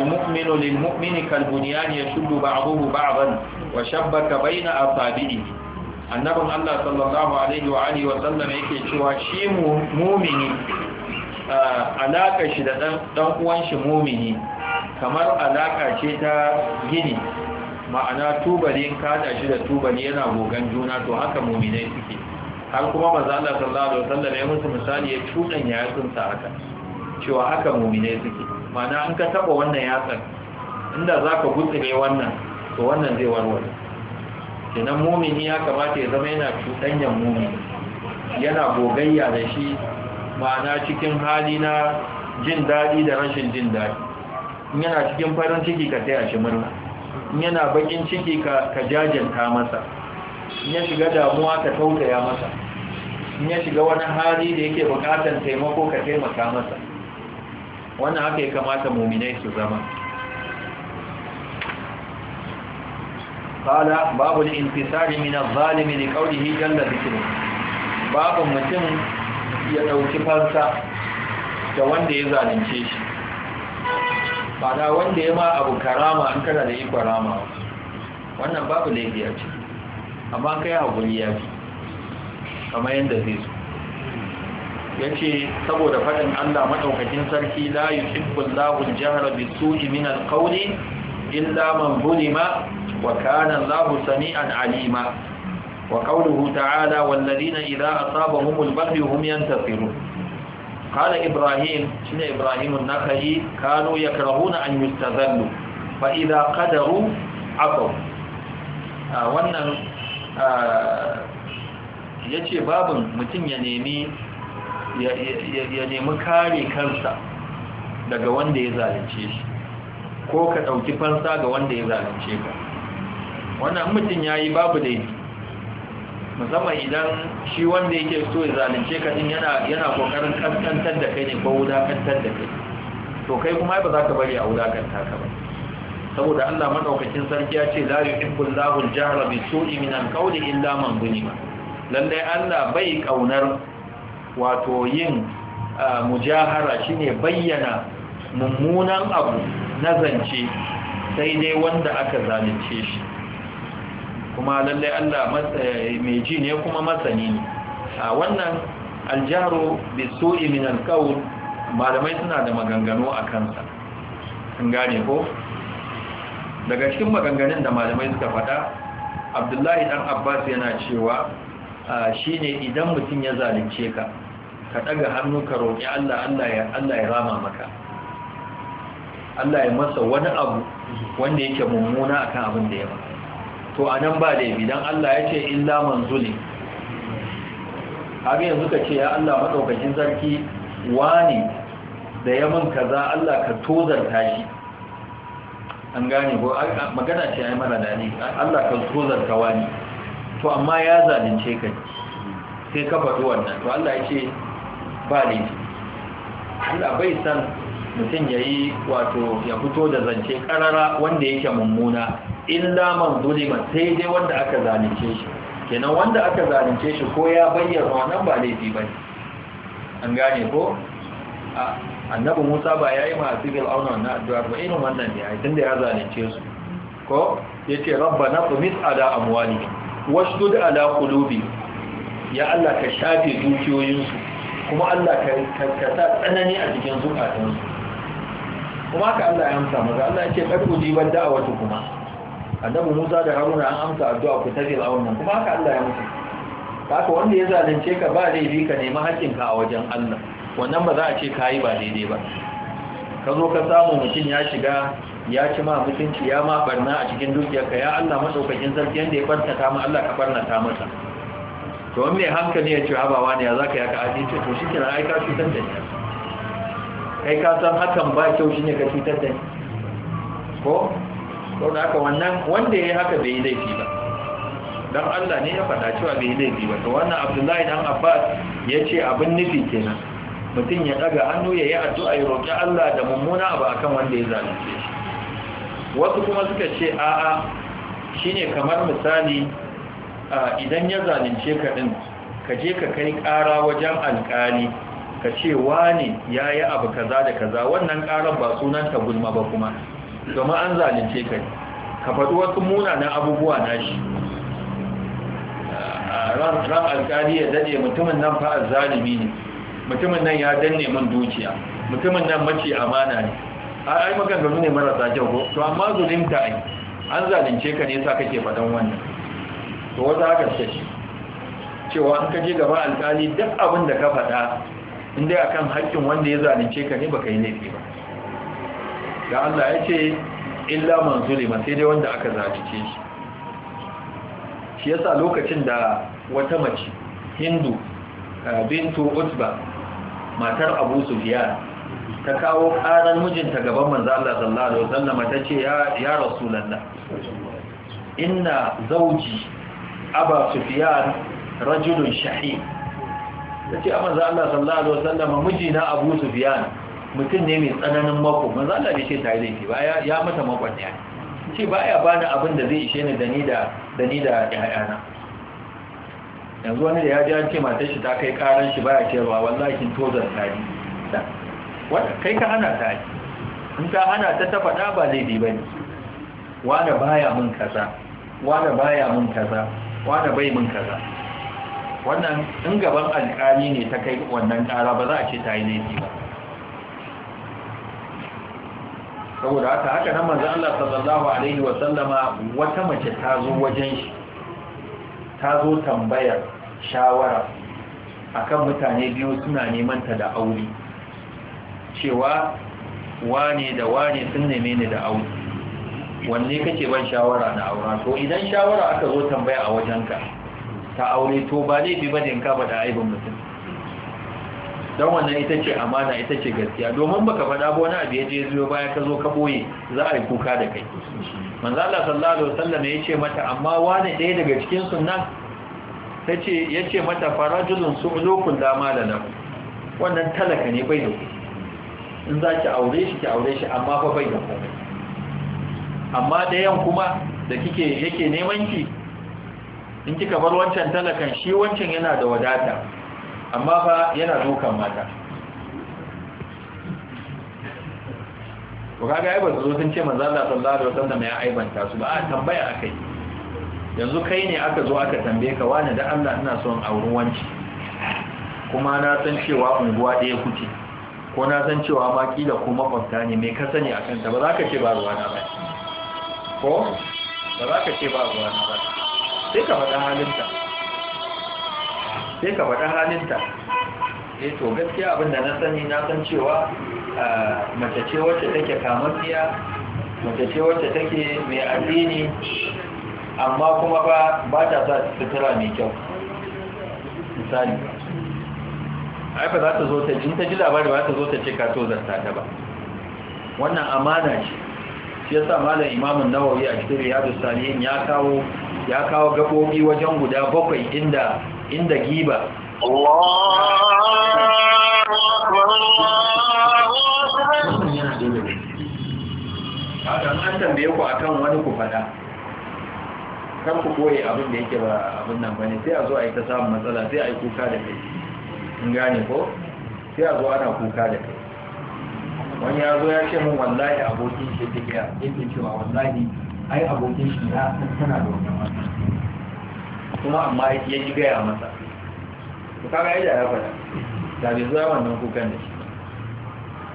المؤمن للمؤمن كالبنيان يشد بعضه بعضا وشبك بين أصابعه annabin Allah sallallahu alaihi wa alihi wa sallam yake cewa shi mumini alaka shi da dan uwan shi mumini kamar alaka ce ta gini ma'ana tubalin in ka hada shi da tubali yana gogan juna to haka muminai suke har kuma manzo Allah sallallahu alaihi wasallam ya musu misali ya cudan ya tsunta haka cewa haka muminai suke ma'ana in ka taba wannan yatsan inda zaka gutsire wannan to wannan zai warware kenan mumini ya kamata ya zama yana cudanyan mumini yana gogayya da shi ma'ana cikin hali na jin daɗi da rashin jin daɗi yana cikin farin ciki ka taya shi murna yana bakin ciki ka jajanta masa ya shiga damuwa ka tautaya masa ya shiga wani hali da yake bukatan taimako ka taimaka masa wannan haka ya kamata muminai su zama intisari باب الانتصار من الظالم لقوله جل ذكره babu mutum ya dauki fansa da wanda ya zalunce shi ba na wanda ya ma abu karama an kada da ikon rama wannan babu laifi ya ciki amma kai haƙuri ya fi kamar yadda zai so ya ce saboda faɗin allah maɗaukakin sarki la yi shibbin lahun jihar bisu iminan kauli illa man bulima wa kanan lahu sami'an alima wa kauluhu ta'ala wallazina idza a baghy hum yantasirun قال إبراهيم شن إبراهيم na كانوا يكرهون أن Ba فإذا kadaru عفوا wannan ya ce babin mutum ya nemi ya nemi kare kansa daga wanda ya zalunce shi ko ka ɗauki fansa ga wanda ya zalunce ka wannan mutum ya yi babu daidai musamman idan shi wanda yake so ya zalunce ka din yana yana kokarin kaskantar da kai ne ko wulakantar da kai to kai kuma ba za ka bari a kanta ka ba saboda Allah madaukakin sarki ya ce la yuhibbu Allahu al-jahra bi su'i min al-qawli illa man zulima lalle Allah bai kaunar wato yin mujahara shine bayyana mummunan abu na zance sai dai wanda aka zalunce shi kuma lallai Allah eh, mai ji ne kuma masani ne a wannan aljaro bi su'i min alqaul malamai suna da maganganu a kansa Sun gane ko daga cikin maganganun da malamai suka faɗa Abdullahi dan Abbas yana cewa shine idan mutum ya zalunce ka ka daga hannu ka roƙi Allah Allah ya rama maka Allah ya masa wani abu wanda yake mummuna akan abin da ya maka to a nan ba yabi don Allah ya ce illa man zulim abin yanzu ka ce ya Allah maɗaukakin sarki wani da ya ka kaza Allah ka tozarta shi an gane ko magana ce ai mara dani Allah ka tozarta wani to amma ya zalunce ka sai ka faɗi wannan to Allah ya ce ba ne. Allah bai san mutum ya yi wato ya fito da zance ƙarara wanda yake mummuna illa man zulima sai dai wanda aka zalunce shi kenan wanda aka zalunce shi ko ya bayyana wannan ba laifi bane an gane ko annabi Musa ba ya yi ma sibil auna na addu'a ba irin wannan ne ai tunda ya zalunce su ko yace rabbana qumis ala amwali washdud ala qulubi ya Allah ka shafe dukiyoyin su kuma Allah ka ka sa tsanani a cikin zukatansu kuma ka Allah ya amsa maza Allah ya ce ɗarku jiban da'awatu kuma annabi Musa da Haruna an amsa addu'a ku tafi a wannan kuma haka Allah ya musu haka wanda ya zalunce ka ba laifi ka nemi hakkin ka a wajen Allah wannan ba za a ce kai ba daidai ba ka zo ka samu mutum ya shiga ya ci ma mutunci ya ma barna a cikin dukiyarka ya Allah madaukakin sarki yanda ya barka ta ma Allah ka barna ta masa to wani mai hankali ya ce habawa ne ya zaka ya ka aji ce to shi kira ai ka cutar da kai ka san hakan ba kyau shine ka cutar da ni ko don aka wannan wanda ya yi haka bai yi laifi ba don Allah ne ya faɗa cewa bai yi laifi ba to wannan abdullahi dan abbas ya ce abin nufi kenan mutum ya ɗaga hannu ya yi addu'a ya roƙi Allah da mummuna abu akan wanda ya zalunce shi wasu kuma suka ce a'a shine kamar misali idan ya zalunce ka ɗin ka je ka kai ƙara wajen alƙali ka ce wane ya yi abu kaza da kaza wannan ƙarar ba sunanta gulma ba kuma domin an zalunce ka ka faɗi wasu munanan abubuwa na shi ah, ah, ran alƙari ya daɗe mutumin nan fa zalimi ne mutumin nan ya danne min dukiya mutumin nan mace amana ne ah, ai maganganu ne marasa kyau ko to amma ta ai an zalunce ka ne sa kake faɗan wannan to wata haka suka ce cewa an kaje gaba alƙali duk abin da ka faɗa in dai akan haƙƙin wanda ya zalunce ka ne baka yi laifi ba da Allah ya ce illa man zulima sai dai wanda aka zalice shi shi yasa lokacin da wata mace hindu eh, bintu utba matar abu sufyan ta kawo karan mijinta gaban manzo Allah sallallahu alaihi wasallam ta ce ya ya rasulullah inna zawji aba sufyan rajulun shahid amma manzo Allah sallallahu alaihi wasallam mijina abu sufyan mutum ne mai tsananin mako manzo Allah bai ce da laifi ba ya mata makon ne ce ya bani abin da zai ishe ni da ni da da ni da yanzu wani da ya ji an ce matar shi ta kai karan shi baya ba wallahi kin tozar tari wanda kai ka hana ta in ka hana ta ta faɗa ba laifi bane wani baya mun kaza wani baya mun kaza wani bai mun kaza wannan in gaban alƙali ne ta kai wannan ƙara ba za a ce ta yi laifi ba saboda haka haka nan manzo Allah sallallahu alaihi wa sallama wata mace ta zo wajen shi ta zo tambayar shawara akan mutane biyu suna neman ta da aure cewa wane da wane sun neme ni da aure wanne kake ban shawara na aure? to idan shawara aka zo tambaya a wajenka ta aure to ba laifi bane in ka da aibin mutum don wannan ita ce amana ita ce gaskiya domin baka faɗa ba wani abu ya je zuwa baya ka zo ka boye za a yi kuka da kai manzo Allah sallallahu alaihi wasallam ya ce mata amma wani ɗaya daga cikin sunnan ya ce mata farajulun su'lukun dama da nan wannan talaka ne bai da in za ki aure shi ki aure shi amma fa bai da komai amma ɗayan kuma da kike yake neman ki in kika bar wancan talakan shi wancan yana da wadata amma fa yana dokan mata to kaga ai ba zo sun ce manzo Allah sallallahu alaihi wasallam ya aibanta su ba a tambaya akai yanzu kai ne aka zo aka tambaye ka wani da Allah ina son auren wanci kuma na san cewa unguwa ɗaya kuce ko na san cewa maki da ko makwabta ne mai ka sani akan ta ba za ka ce ba ruwa na ba ko ba za ka ce ba ruwa na ba sai ka faɗa halinta sai ka faɗa halinta eh to gaskiya abin da na sani na san cewa mace ce wacce take kamanniya mace ce wacce take mai addini amma kuma ba ba ta sa sutura mai kyau misali ai ba za ta zo ta jin ta ji labari ba ta zo ta ce ka to zanta ta ba wannan amana ce shi yasa malam imamun nawawi a cikin riyadu salihin ya kawo ya kawo gabobi wajen guda bakwai inda inda giba Adam an tambaye ku akan wani ku fada kan ku koye abin da yake ba abin nan bane sai a zo a yi ta samun matsala sai a yi kuka da kai in gane ko sai a zo ana kuka da kai wani ya zo ya ce min wallahi abokin shi da ya yake cewa wallahi ai abokin shi ya tana da wannan kuma amma ya ji gaya masa ku kaga ai da ya faɗa da bai zuwa wannan kukan da shi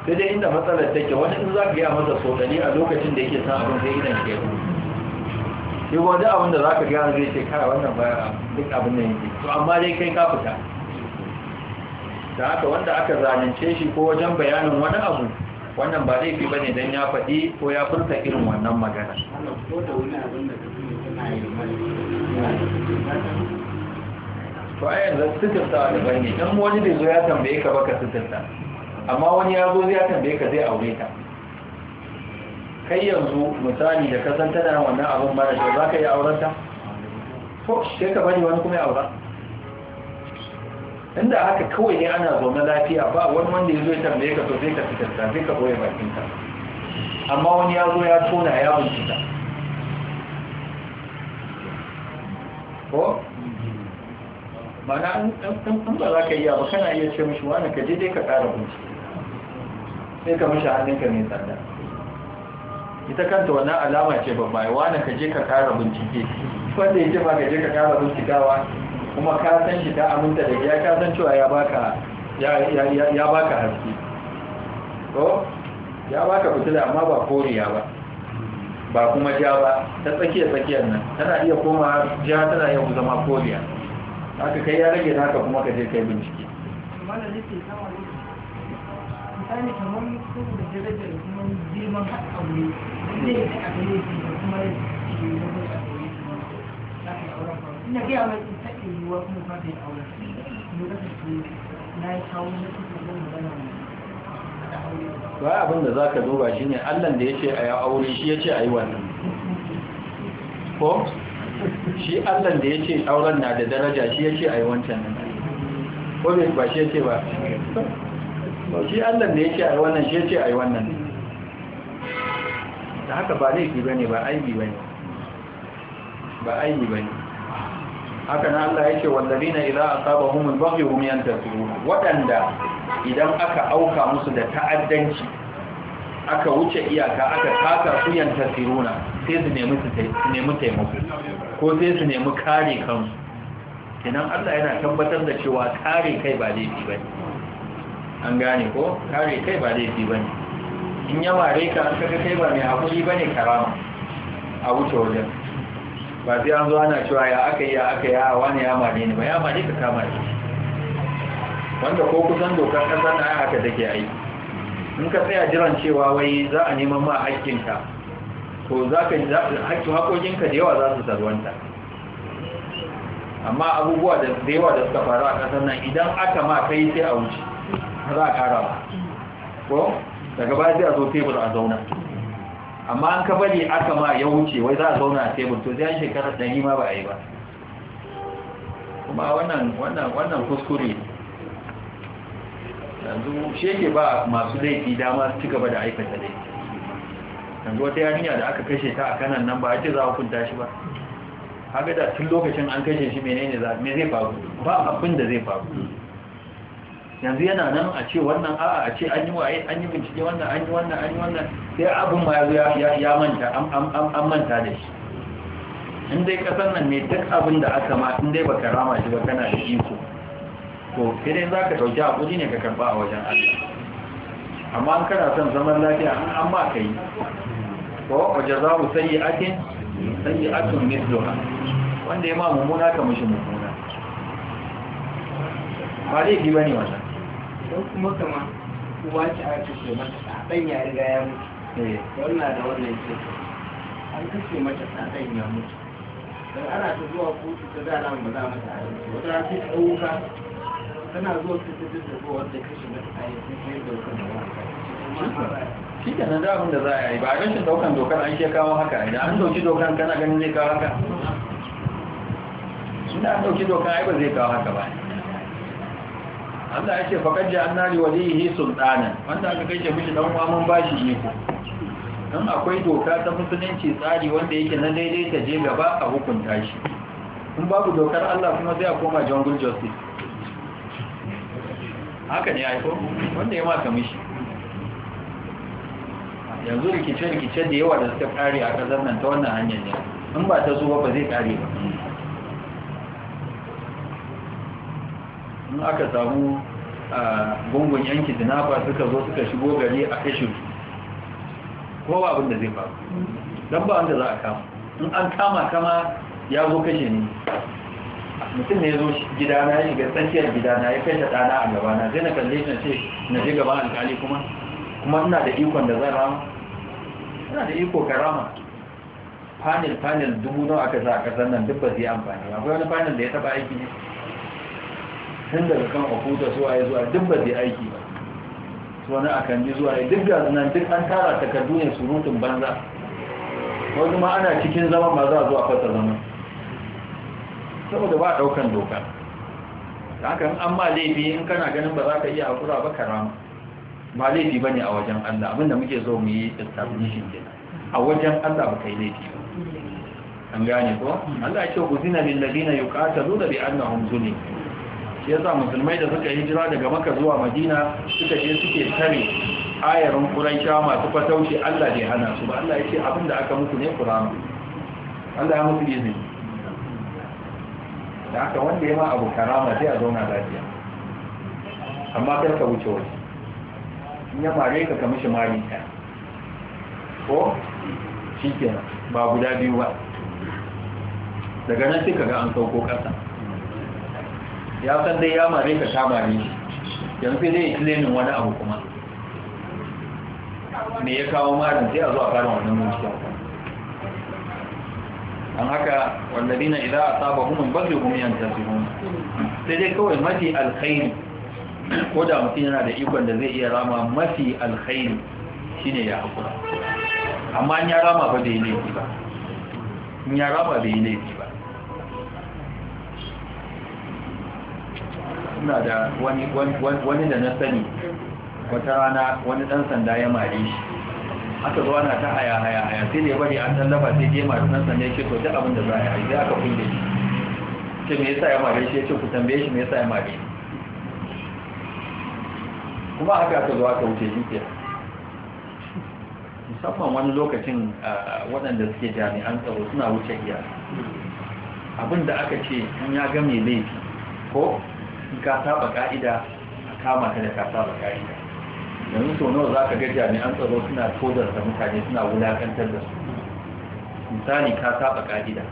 sai dai inda matsalar take wani in za ka gaya masa so a lokacin da yake san abin sai idan ke yi shi wani abin da za ka gaya zai ce kara wannan baya duk abin da yake to amma dai kai ka fita da haka wanda aka zalunce shi ko wajen bayanin wani abu wannan ba zai fi ba ne don ya faɗi ko ya furta irin wannan magana to a yanzu sutuntawa bane don wani da zo ya tambaye ka baka sutunta amma wani ya zo ya tambaye ka zai aure ta kai yanzu misali da kasan tana wannan abin mara shi za ka yi aurenta ko sai ka bari wani kuma ya aura inda haka kawai ne ana zaune lafiya ba wani wanda ya zo ya tambaye ka to zai ka fitarta zai ka boye bakinka amma wani ya zo ya tona ya bincika ko mana an ba za ka iya ba kana iya ce mashi wani ka je dai ka kara bincike sai ka mashi hannunka mai tsada ita kanta wannan alama ce babba ya wani ka je ka ƙara bincike wanda ya ce ba ka je ka ƙara bincikawa kuma ka san shi ta aminta da ya ka san cewa ya baka ya baka haske ko ya baka fitila amma ba koriya ba ba kuma ja ba ta tsakiyar tsakiyar nan tana iya koma ja tana iya zama koriya haka kai ya rage naka kuma ka je kai bincike misali ina gaya mai ta yiwuwa kuma ba ta yi auren ne za ka ce na yi kawo na ba abin da za ka duba shi ne allan da ya ce a ya aure shi ya ce a yi wannan ko shi allan da ya ce auren na da daraja shi ya ce a yi wancan nan ko mai ba shi ya ce ba shi allan da ya ce a yi wannan shi ya ce a yi wannan da haka ba laifi ba ne ba aibi ba ne ba aibi ba ne haka na allah ya ce wallazina idza asabahum al-baghy hum yantasirun wadanda idan aka auka musu da ta'addanci aka wuce iyaka aka kasa su yanta siruna sai su nemi taimako ko sai su nemi kare kansu idan allah yana tabbatar da cewa kare kai ba laifi ba an gane ko kare kai ba laifi ba in ya mare ka an kaga kai ba mai haƙuri ba ne karama a wuce wajen ba sai an zo ana cewa ya aka yi ya aka yi a wani ya mare ni ba ya mare ka kama ne wanda ko kusan dokar ƙasar da haka take aiki in ka tsaya jiran cewa wai za a neman ma haƙƙinka ko za ka haƙƙin haƙoƙinka da yawa za su wanda? amma abubuwa da yawa da suka faru a ƙasar nan idan aka ma kai sai a wuce za a ƙara ba ko daga baya sai a zo tebur a zauna amma an ka bari aka ma ya wuce wai za a zauna a tebur to zai shekarar ɗari ma ba a yi ba kuma wannan wannan wannan kuskure yanzu sheke ba masu laifi dama su gaba da aikata laifi yanzu wata yarinya da aka kashe ta a kanan nan ba ake za a hukunta shi ba haka da tun lokacin an kashe shi menene za me zai faru ba abin da zai faru yanzu yana nan a ce wannan a'a a ce an yi wa an yi bincike wannan an yi wannan an yi wannan sai abin ma ya ya manta an manta da shi in dai kasan nan ne duk abin da aka ma in dai baka rama shi ba kana da iko Ko sai dai za ka ɗauki haƙuri ne ka karɓa a wajen Allah amma an kana son zaman lafiya an an ka yi ko waje za mu sayi akin sayi wanda ya ma mummuna ka mushi mummuna ba laifi ba ne wannan don kuma kama kuma ce a kashe mata Dan ya riga ya mutu wannan eh. da wannan ce an kashe mata Dan ya mutu Dan ana ta zuwa kotu ta zana ba za mata a wata Kana zuwa ta tafi da zuwa wanda kashi na ta yi sai daukan da shi ke da abin da za a yi ba a rashin daukan dokar an ke kawo haka idan an dauki dokar kana ganin zai kawo haka inda an dauki dokar ai ba zai kawo haka ba Allah ya ce faƙar ji an nari walihi sultanan wanda aka kai shi mishi ɗan waman bashi iko don akwai doka ta musulunci tsari wanda yake na daidai ta je gaba a hukunta shi in babu dokar Allah kuma zai a koma jungle justice haka ne aiko wanda ya maka mishi yanzu rikice-rikice da yawa da suka kare a ƙasar nan ta wannan hanyar ne in ba ta zuwa ba zai kare ba in aka samu gungun yanki dinafa suka zo suka shigo gari a kashin kowa abinda zai faru don ba wanda za a kama in an kama kama ya zo kashe ne mutum ne ya zo gidana ya shiga tsakiyar gidana ya kai da ɗana a gabana zai na kalle shi na ce na je gaban alkali kuma kuma ina da ikon da zan rama ina da iko ka rama panel panel dubu nawa aka sa a ƙasar nan duk ba zai amfani akwai wani panel da ya taɓa aiki ne tun daga kan ofuta zuwa ya zuwa duk ba zai aiki ba su wani kan ji zuwa ya duk ga nan duk an tara takardu ne surutun banza wani ma ana cikin zaman ba za a zuwa fasa zaman saboda ba daukan doka haka kan an ma laifi in kana ganin ba za ka iya hakura ba karama ba laifi ba ne a wajen Allah abinda muke zo mu yi establishing kenan a wajen Allah ba kai laifi ba an gane ko Allah ya ce uzina lil ladina yuqataluna bi annahum zulim shi yasa musulmai da suka hijira daga Makka zuwa Madina suka je suke tare ayarin Quraisha masu fatauci Allah bai hana su ba Allah ya ce abinda aka muku ne Qur'an Allah ya muku izini da aka wanda ya ma abu karama zai a zauna lafiya amma kar ka wuce waje in ya fare ka kamishi mari ɗaya ko shi ke ba guda biyu ba daga nan sai ka ga an sauko ƙasa ya san dai ya mare ka ta mari shi yanzu zai yi tilenin wani abu kuma me ya kawo marin sai a zo a fara wannan mulkiyar an haka wallazina idza asabahum baghihum yantasihun sai dai kawai mafi alkhairi ko da mutum yana da ikon da zai iya rama mafi alkhairi shine ya hakura amma in ya rama ba da yi laifi ba ya rama da yi laifi ba ina da wani da na sani wata rana wani dan sanda ya mare shi aka zo ana ta haya haya haya sai ne bari an tallafa sai je masu nan sannan ya ce to duk abin da za a yi sai aka kulle shi ce me yasa ya mare shi ya ce ku tambaye shi me yasa ya mare kuma haka aka zo aka wuce shi ke musamman wani lokacin waɗanda suke jami'an tsaro suna wuce iya abin da aka ce in ya ga mai laifi ko in ka saba ka'ida a kama ka da ka saba ka'ida yanzu sau nawa za ka ga jami'an tsaro suna da mutane suna wulakantar da su misali ka saba ƙa'ida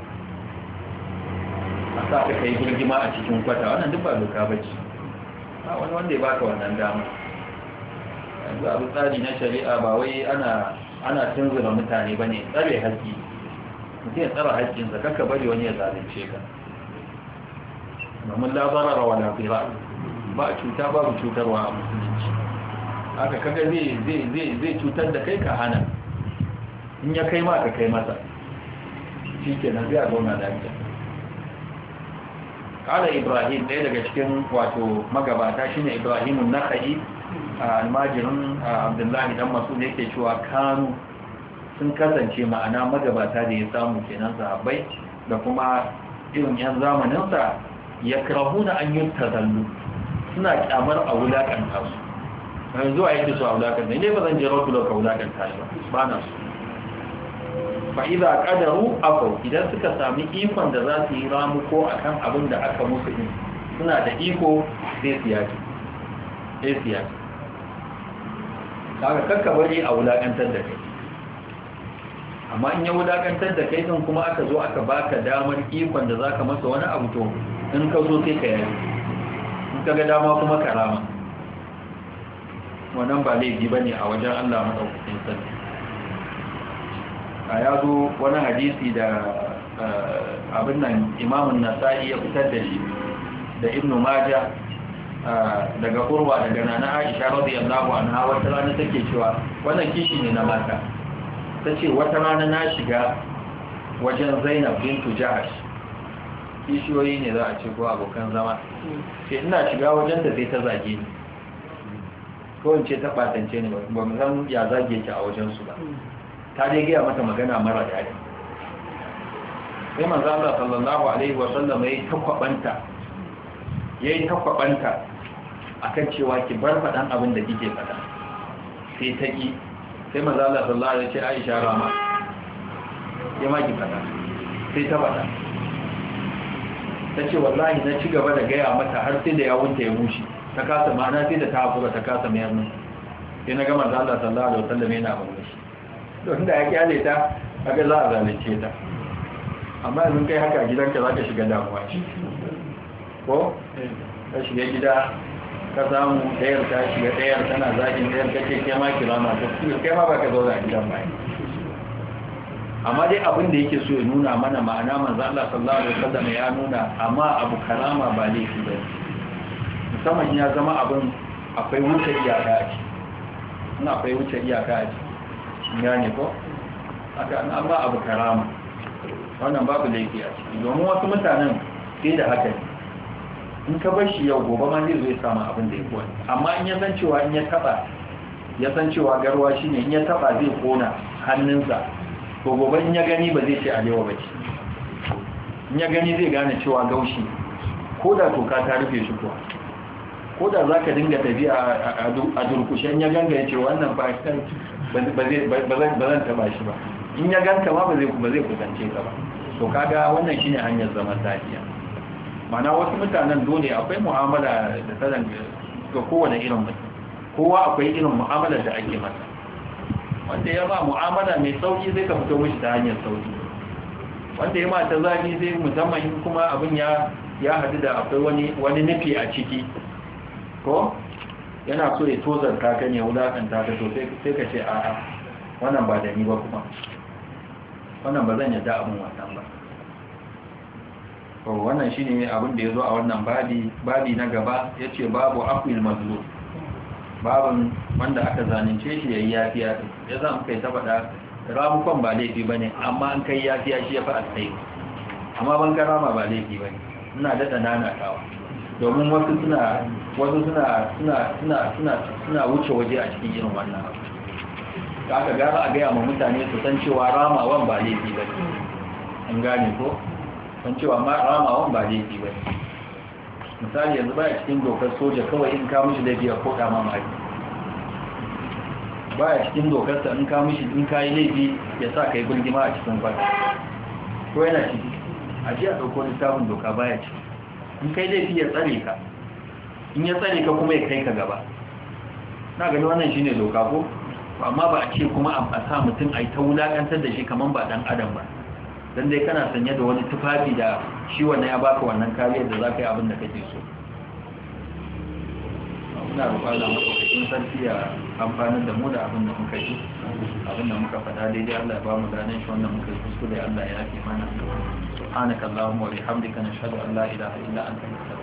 a sa ka kai birgima a cikin kwata wannan duk ba doka ba ce ba wani wanda ya baka wannan dama yanzu abu tsari na shari'a ba wai ana ana tunzura mutane ba ne tsare haƙƙi mutum ya tsara haƙƙinsa kakka bari wani ya zalunce ka domin labarara wa lafiya ba cuta babu cutarwa a musulmi haka kaga zai zai cutar da kai ka hana in ya kai ma ka kai masa shi ke nan zai a zauna ake kala ibrahim ɗaya daga cikin wato magabata shine na naka'i a almajirin abdullahi dan masu ne yake cewa kanu sun kasance ma'ana magabata da ya samu kenan sahabbai da kuma irin yan zamaninsa ya na an yi tazallu suna kyamar a wulaƙanta su yanzu a yake su a wulakan ne ba zan je rasulun ka wulakan ta shi ba na su Fa'iza, iza qadaru afau idan suka sami ikon da za su yi ramu ko kan abin da aka musu din suna da iko sai su yaki sai su yaki kaga kakka bari a wulakantar da kai amma in ya wulakantar da kai sun kuma aka zo aka baka damar ikon da za ka masa wani abu to in ka zo sai ka yaki in ka ga dama kuma karama wannan ba laifi ba ne a wajen allah maɗaukacin sarki a ya zo wani hadisi da eh, abin nan imamun nasa'i ya fitar da shi da ibn maja eh, daga kurwa daga nana aisha radiyallahu hawa wata rana take cewa wannan kishi ne na mata ta ce wata rana na shiga wajen zainab bintu jahash kishiyoyi ne za a ce ko abokan zama ce hmm. ina shiga wajen da zai ta zage ni kawai ce ta ɓatance ne ba mu san ya zage ki a wajensu ba ta dai gaya mata magana mara daɗi sai manzo Allah sallallahu alaihi wa sallam yayi takwabanta yayi takwabanta akan cewa ki bar faɗan abin da kike faɗa sai ta ki sai manzo Allah sallallahu alaihi wa sallam ya ce Aisha rama ya ma ki faɗa sai ta fada ta ce wallahi na ci gaba da gaya mata har sai da ya wunta ya mushi ta kasa ma'ana sai da ta hakura ta kasa mayar nan sai na gama da Allah sallallahu alaihi wasallam yana aure shi don da ya kyale ta kaga za a zalunce ta amma yanzu kai haka gidanka za ka shiga damuwa ce, ko ka shiga gida ka samu ɗayar ta shiga ɗayar tana zagin ɗayar kake kai ma kira ma kai ma ba ka zauna a gidan bayan amma dai abin da yake so ya nuna mana ma'ana manzo Allah sallallahu alaihi wasallam ya nuna amma abu karama ba laifi bane musamman ya zama abin akwai wuce iyaka a ci ina akwai wuce iyaka a ci ya ne ko aka an ba abu karama wannan babu laifi a ciki domin wasu mutanen sai da haka ne in ka bar shi yau gobe ma zai samu abin da ya kowa amma in ya san cewa in ya taba ya san cewa garwa shine in ya taba zai kona hannunsa to gobe in ya gani ba zai ce alewa ba ce in ya gani zai gane cewa gaushi ko da toka ta rufe shi kuwa ko da za ka dinga tafiya a durkushen ya ganga ya ce wannan ba zan taba shi ba in ya ganta ma ba zai kusance ka ba to kaga wannan shine hanyar zaman lafiya mana wasu mutanen dole akwai mu'amala da sadan ga kowane irin mutum kowa akwai irin mu'amala da ake masa wanda ya ba mu'amala mai sauki zai ka fito mishi ta hanyar sauki wanda ya ma ta zafi zai musamman kuma abin ya hadu da akwai wani nufi a ciki ko yana so ya tozarta kan ya wulakanta ta to sai ka ce a'a wannan ba da ni ba kuma wannan ba zan yadda abin wannan ba to wannan shine abin da ya zo a wannan babi babi na gaba ya ce babu akwil mazlum babin wanda aka zanince shi ya yi yafiya ya za mu kai ta faɗa ramukon ba laifi ba ne amma an kai yafiya shi ya fi alkhairi amma ban karama ba laifi ba ne ina daɗa nanatawa domin wasu suna wasu suna wuce waje a cikin irin wannan abu aka gara a gaya ma mutane su san cewa ramawan ba laifi ba an gane ko san cewa ramawan ba laifi ba misali yanzu baya cikin dokar soja kawai in ka mishi laifi a koda ma mari baya cikin sa in ka mishi in ka yi laifi ya sa ka yi a cikin kwata ko yana ciki a ji a ɗauko littafin doka baya ciki in kai laifi ya tsare ka in ya tsare ka kuma ya kai ka gaba na gani wannan shine doka ko amma ba a ce kuma a sa mutum a yi ta wulakantar da shi kamar ba dan adam ba dan dai kana sanye da wani tufafi da shi wannan ya baka wannan kariyar da za ka yi abin da kake so ina roƙon da matsaukakin sarki ya amfanin da mu da abin da muka yi abin da muka faɗa daidai Allah ya ba mu ganin shi wannan muka yi kuskure Allah ya fi mana subhanakallahumma wa bihamdika nashhadu an la ilaha illa anta